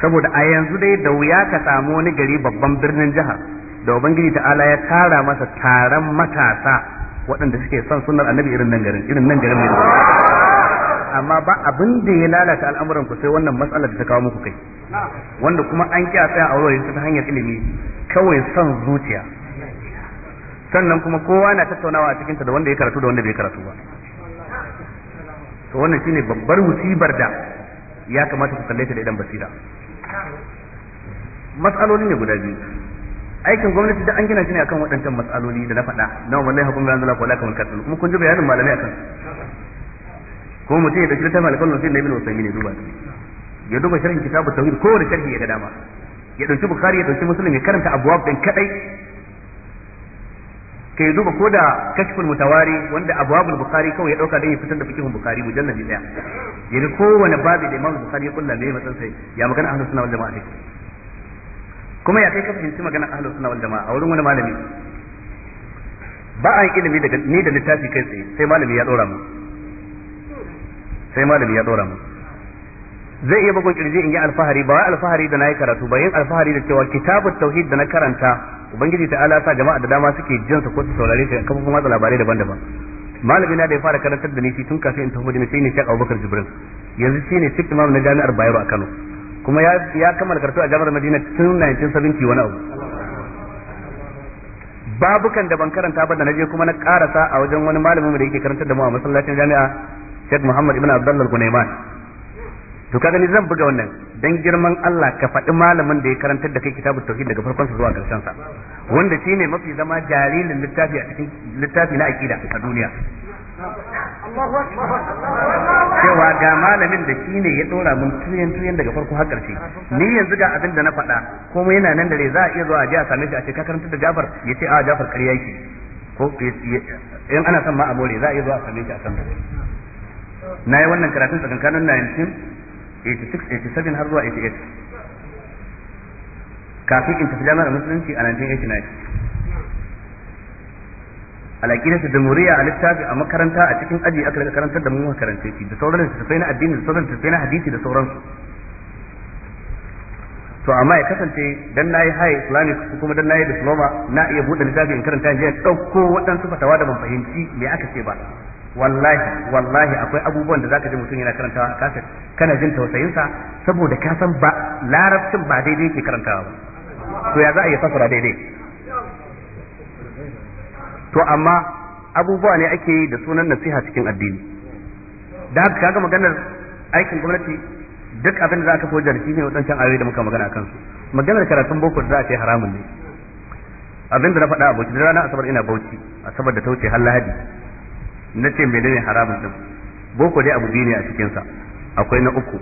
saboda a yanzu dai da wuya ka samu wani gari babban birnin jiha da ubangiji Ala ya kara masa taron matasa waɗanda suke son sunnar annabi irin nan garin irin nan garin mai amma ba abin da ya lalata al'amuran ku sai wannan matsalar da ta kawo muku kai wanda kuma an kiya tsaya a wurin ta hanyar ilimi kawai son zuciya sannan kuma kowa na tattaunawa a cikinta da wanda ya karatu da wanda bai karatu ba
to wannan shine babbar musibar da
ya kamata ku kalle ta da idan basira matsaloli ne guda biyu aikin gwamnati da an gina shi ne akan waɗancan matsaloli da na faɗa na wallahi hukumar ran zala ko la kamar kuma kun ji bayanin malamai akan ko mutum ya dauki littafin alƙalin sai na ibn ne ya duba ya duba sharhin kitabu tawhid ko wani sharhi ya ga dama ya dauki bukhari ya dauki muslim ya karanta abwab din kadai kai duba ko da kashful mutawari wanda abwabul bukhari kawai ya dauka dan ya fitar da fikihun bukhari mujallad daya ga kowane babu da imam bukhari ya kulla bai matsan sai ya magana ahlus sunna wal jamaa ne kuma ya kai ka fahimci magana ahlus sunna wal jamaa a wurin wani malami ba a yi ilimi daga ni da littafi kai tsaye sai malami ya dora mu sai malami ya dora mu zai iya bakon kirji in yi alfahari ba wai alfahari da nayi karatu ba yin alfahari da cewa kitabut tauhid da na karanta ubangiji ta alasa jama'a da dama suke jin su ko su saurare shi kafofin watsa labarai daban-daban malami na da ya fara karantar da ni shi tun kafin in tafi Madina sai ne Sheikh Abubakar Jibril yanzu shi ne chief imam na jami'ar Bayero a Kano kuma ya ya kammala karatu a jami'ar Madina tun 1970 wani abu babukan da ban karanta ba da naje kuma na karasa a wajen wani malamin da yake karantar da mu a masallacin jami'a Sheikh Muhammad ibn Abdullah Gunaiman to kaga ni zan buga wannan dan girman Allah ka faɗi malamin da ya karantar da kai kitabu tauhid daga farkon sa zuwa karshen sa wanda shine mafi zama jaririn littafi a cikin littafi na aqida a duniya cewa ga malamin da shine ya dora mun tuyen tuyen daga farko har karshe ni yanzu ga abin da na faɗa komai yana nan da za a iya zuwa a ji a same shi a ce ka karantar da Jafar yace a Jafar ƙarya yake ko in ana son ma a more za a iya zuwa a same shi a san na yi wannan karatun tsakankanin 1986-87 har zuwa 88 kafin in tafi jami'ar musulunci a 1989 alaƙidar da jamhuriya a littafi a makaranta a cikin aji aka daga karantar da mu karance shi da sauran tafai na addini da sauran tafai na hadisi da sauransu to amma ya kasance dan nayi high islamic ko kuma dan nayi diploma na iya buɗe littafi in karanta in ɗauko waɗansu fatawa da ban fahimci me aka ce ba wallahi wallahi akwai abubuwan da zaka ji mutum yana karantawa kasa kana jin tausayin sa saboda ka san ba larabcin ba daidai yake karantawa ba to ya za a yi fasara daidai to amma abubuwa ne ake yi da sunan nasiha cikin addini da haka kaga maganar aikin gwamnati duk abin da za ka fojar shi ne wadancan ayoyi da muka magana akan su maganar karatun boko da za a ce haramun ne abin da na faɗa a bauchi da rana asabar ina bauchi asabar da ta wuce har lahadi na ce menene haramun din boko dai abu biyu ne a cikinsa akwai na uku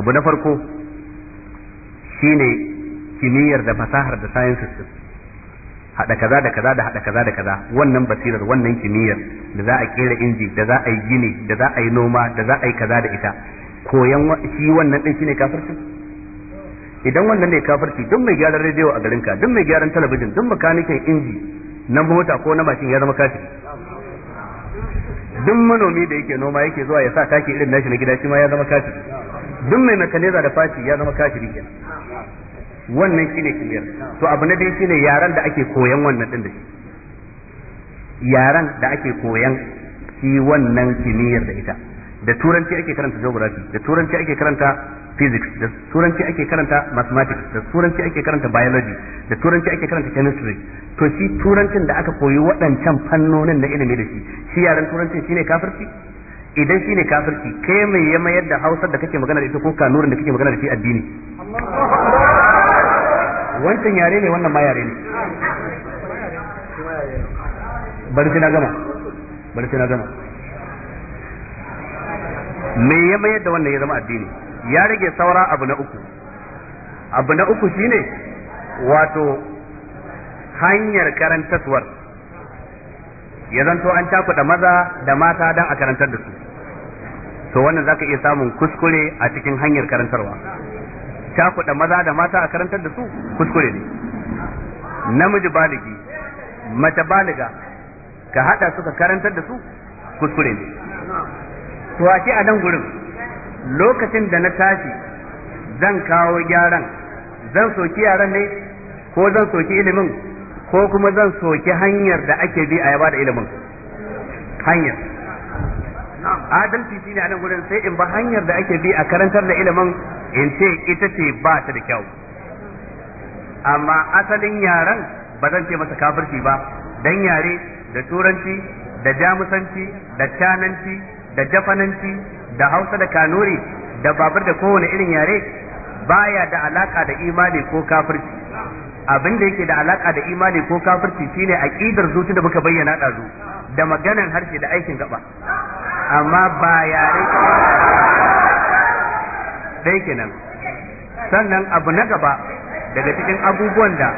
abu na farko shine kimiyyar da fasahar da sciences din hada kaza da kaza da hada kaza da kaza wannan basirar wannan kimiyyar da za a kera inji da za a yi gini da za a yi noma da za a yi kaza da ita koyan shi wannan din shine kafirci idan wannan ne kafirci duk mai gyaran rediyo a garinka duk mai gyaran talabijin duk makanikin inji na mota ko na mashin ya zama kafiri duk manomi da yake noma yake zuwa ya sa taki irin nashi na gida shi ma ya zama kafiri duk mai makaneza da faci ya zama kafiri kenan wannan shine kibiyar to abu na biyu shine yaran da ake koyan wannan din da shi yaran da ake koyan shi wannan kimiyyar da ita da turanci ake karanta geography da turanci ake karanta physics da turanci ake karanta mathematics da turanci ake karanta biology da turanci ake karanta chemistry to shi turancin da aka koyi waɗancan fannonin na ilimi da shi shi yaren turancin shine kafirci idan shine kafirci kai mai ya mayar da hausar da kake magana da ita ko kanurin da kake magana da shi addini
wancan yare ne wannan ma yare ne bari sai na gama
bari sai na gama me ya mayar da wannan ya zama addini ya rage saura abu na uku abu na uku shine wato hanyar karantaswar ya zanto an cakuɗa maza da mata don a karantar da su to wannan zaka iya samun kuskure a cikin hanyar karantarwa cakuɗa maza da mata a karantar da su kuskure ne namiji baligi mace baliga ka haɗa suka karantar da su kuskure ne to a ce a nan gurin lokacin da na tashi zan kawo gyaran zan soki yaran ne ko zan soki ilimin ko kuma zan soki hanyar da ake bi a yaba da ilimin hanyar adalci shine a nan gurin sai in ba hanyar da ake bi a karantar da ilimin in ce ita ce ba ta da kyau amma asalin yaren ba zan ce masa kafirci ba dan yare da turanci da jamusanci da cananci da jafananci da hausa da kanuri da babur da kowane irin yare baya da alaka da imani ko kafirci abin da yake da alaka da imani ko kafirci shine aqidar zuci da muka bayyana dazu da maganan harshe da aikin gaba amma ba yare dai kenan sannan abu na gaba daga cikin abubuwan da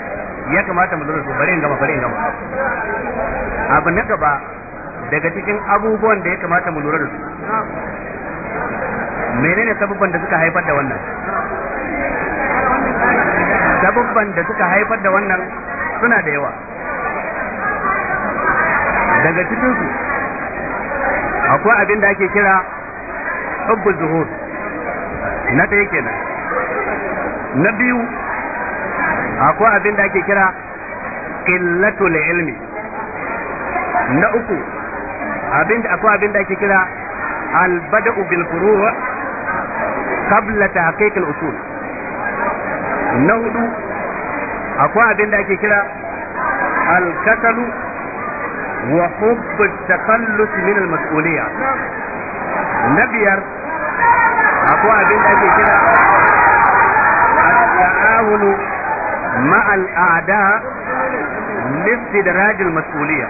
ya kamata mu lura su bare gama bare gama abu na gaba daga cikin abubuwan da ya kamata mu lura da su menene sabubban da suka haifar da wannan sabubban da suka haifar da wannan suna da yawa daga su akwai abin da ake kira hubbu zuhur na ɗaya kenan na biyu akwai abin da ake kira qillatul ilmi na uku abinda akwai abinda ake kira albada'u bil furu' qabla tahqiq al usul na hudu akwai abinda ake kira al kasalu wa hubb al takallus min al mas'uliyya na biyar akwai abinda ake kira al al ta'awunu a'da li istidraj al mas'uliyya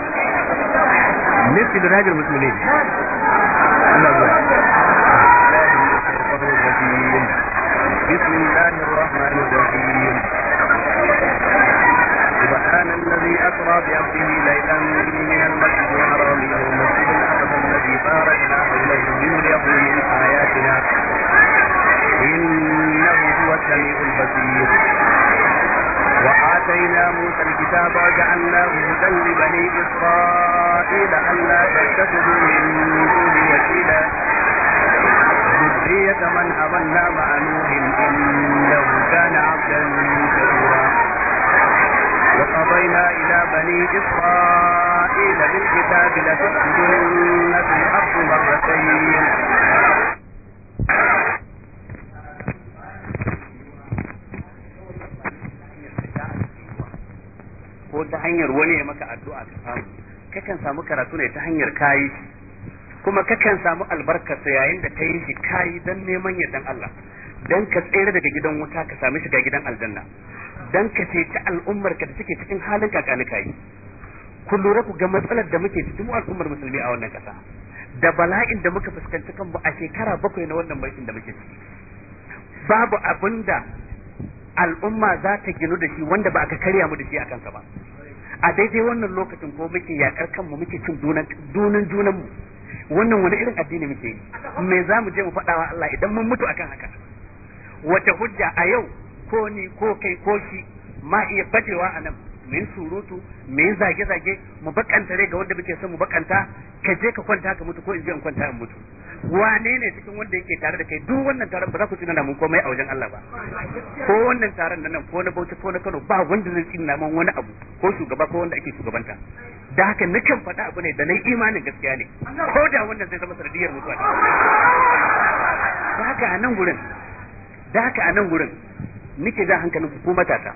min
idraj almuslimin Allah ya بسم الله
الكتاب وجعلناه هدى لبني إسرائيل ألا تتخذوا من دونه وكيلا ذرية من أضلنا مع نوح إنه كان عبدا كبيرا
وقضينا إلى بني إسرائيل بالكتاب لتفسدن في الأرض مرتين
hanyar wani ya maka addu'a ka samu kakan samu karatu ne ta hanyar kayi kuma kakan samu albarkarsa yayin da ka yi shi kayi dan neman yardan Allah dan ka tsere daga gidan wuta ka sami shiga gidan aljanna dan ka ceci al'ummar ka da take cikin halin kakanika yi ku lura ku ga matsalar da muke cikin al'ummar musulmi a wannan kasa da bala'in da muka fuskanci kanmu a shekara bakwai na wannan mulkin da muke ciki babu abin al'umma za ta ginu da shi wanda ba aka karya mu da shi a kansa ba a daidai wannan lokacin ko muke yakar kanmu muke cin dunan junan mu wannan wani irin addini muke yi me za mu je mu faɗawa Allah idan mun mutu akan haka wata hujja a yau ko ni ko kai ko shi ma iya bajewa a nan surutu me zage-zage mu bakanta ga wanda muke son mu bakanta ka je ka kwanta ka mutu ko in je in kwanta in mutu wane ne cikin wanda yake tare da kai duk wannan taron ba za ku tunana mun komai a wajen Allah ba ko wannan taron nan ko na Bauchi ko na Kano ba wanda zai tunana mun wani abu ko shugaba ko wanda ake shugabanta da haka nakan faɗa abu ne da nan imanin gaskiya ne ko da wannan zai zama sanadiyar mutuwa da haka a nan gurin da haka a nan gurin nake da hankalin ku matata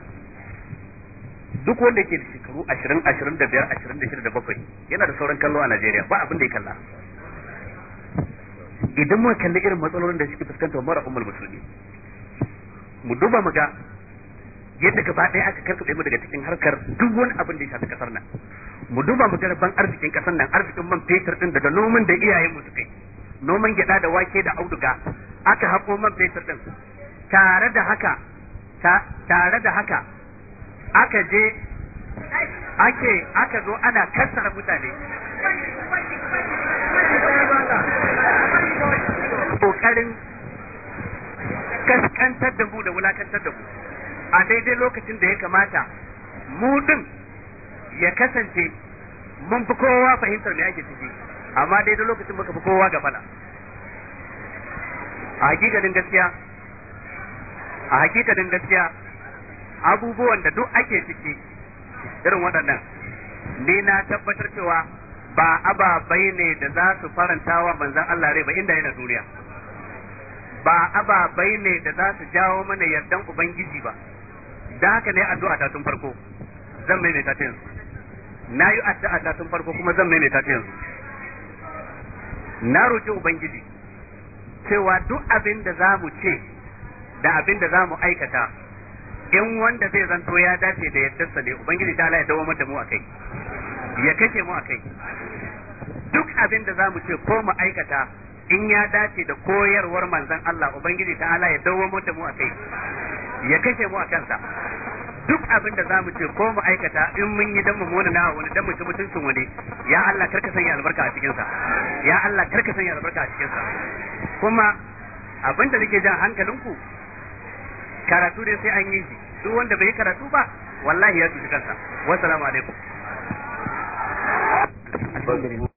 duk wanda yake da shekaru ashirin ashirin da biyar ashirin da shida da yana da sauran kallo a Najeriya ba abin da ya kalla idan muka kalli irin matsalolin da suke fuskanta mara ummul musulmi mu duba mu ga yadda gaba ɗaya aka karkaɗe mu daga cikin harkar duk wani abin da ya shafi kasar nan mu duba mu ga ban arzikin kasar nan arzikin man fetur din daga noman da iyayen mu suke noman gyaɗa da wake da auduga aka haƙo man fetur din tare da haka tare da haka aka je ake aka zo ana kassara mutane kokarin kaskantar da mu da wulakantar da mu a daidai lokacin da ya kamata mu din ya kasance mun fi kowa fahimtar me ake ciki amma daidai lokacin muka fi kowa ga gabana a hakikalin gaskiya a hakikalin gaskiya abubuwan da duk ake ciki irin waɗannan ni na tabbatar cewa ba ababai ne da za su faranta wa manzan Allah rai ba inda yana duniya ba ababai ne da za su jawo mana yardan ubangiji ba da haka ne addu'a ta tun farko zan mai ta yanzu na yi addu'a ta tun farko kuma zan mai ta yanzu na roƙi ubangiji cewa duk abin da za mu ce da abin da za mu aikata in wanda zai zanto ya dace da yardarsa ne ubangiji ta ya dawo mata mu akai ya kashe mu akai duk abin da za mu ce ko mu aikata in ya dace da koyarwar manzon Allah ubangiji ta ala ya dawo mu a kai ya kashe mu a kansa duk abin da zamu ce ko mu aikata in mun yi dan mu mona na wani dan mu ci mutuncin wani ya Allah karka sanya albarka a cikin sa ya Allah karka sanya albarka a cikin sa kuma abin da nake jan hankalinku karatu ne sai an yi shi duk wanda bai karatu ba wallahi ya tsufi kansa wassalamu alaikum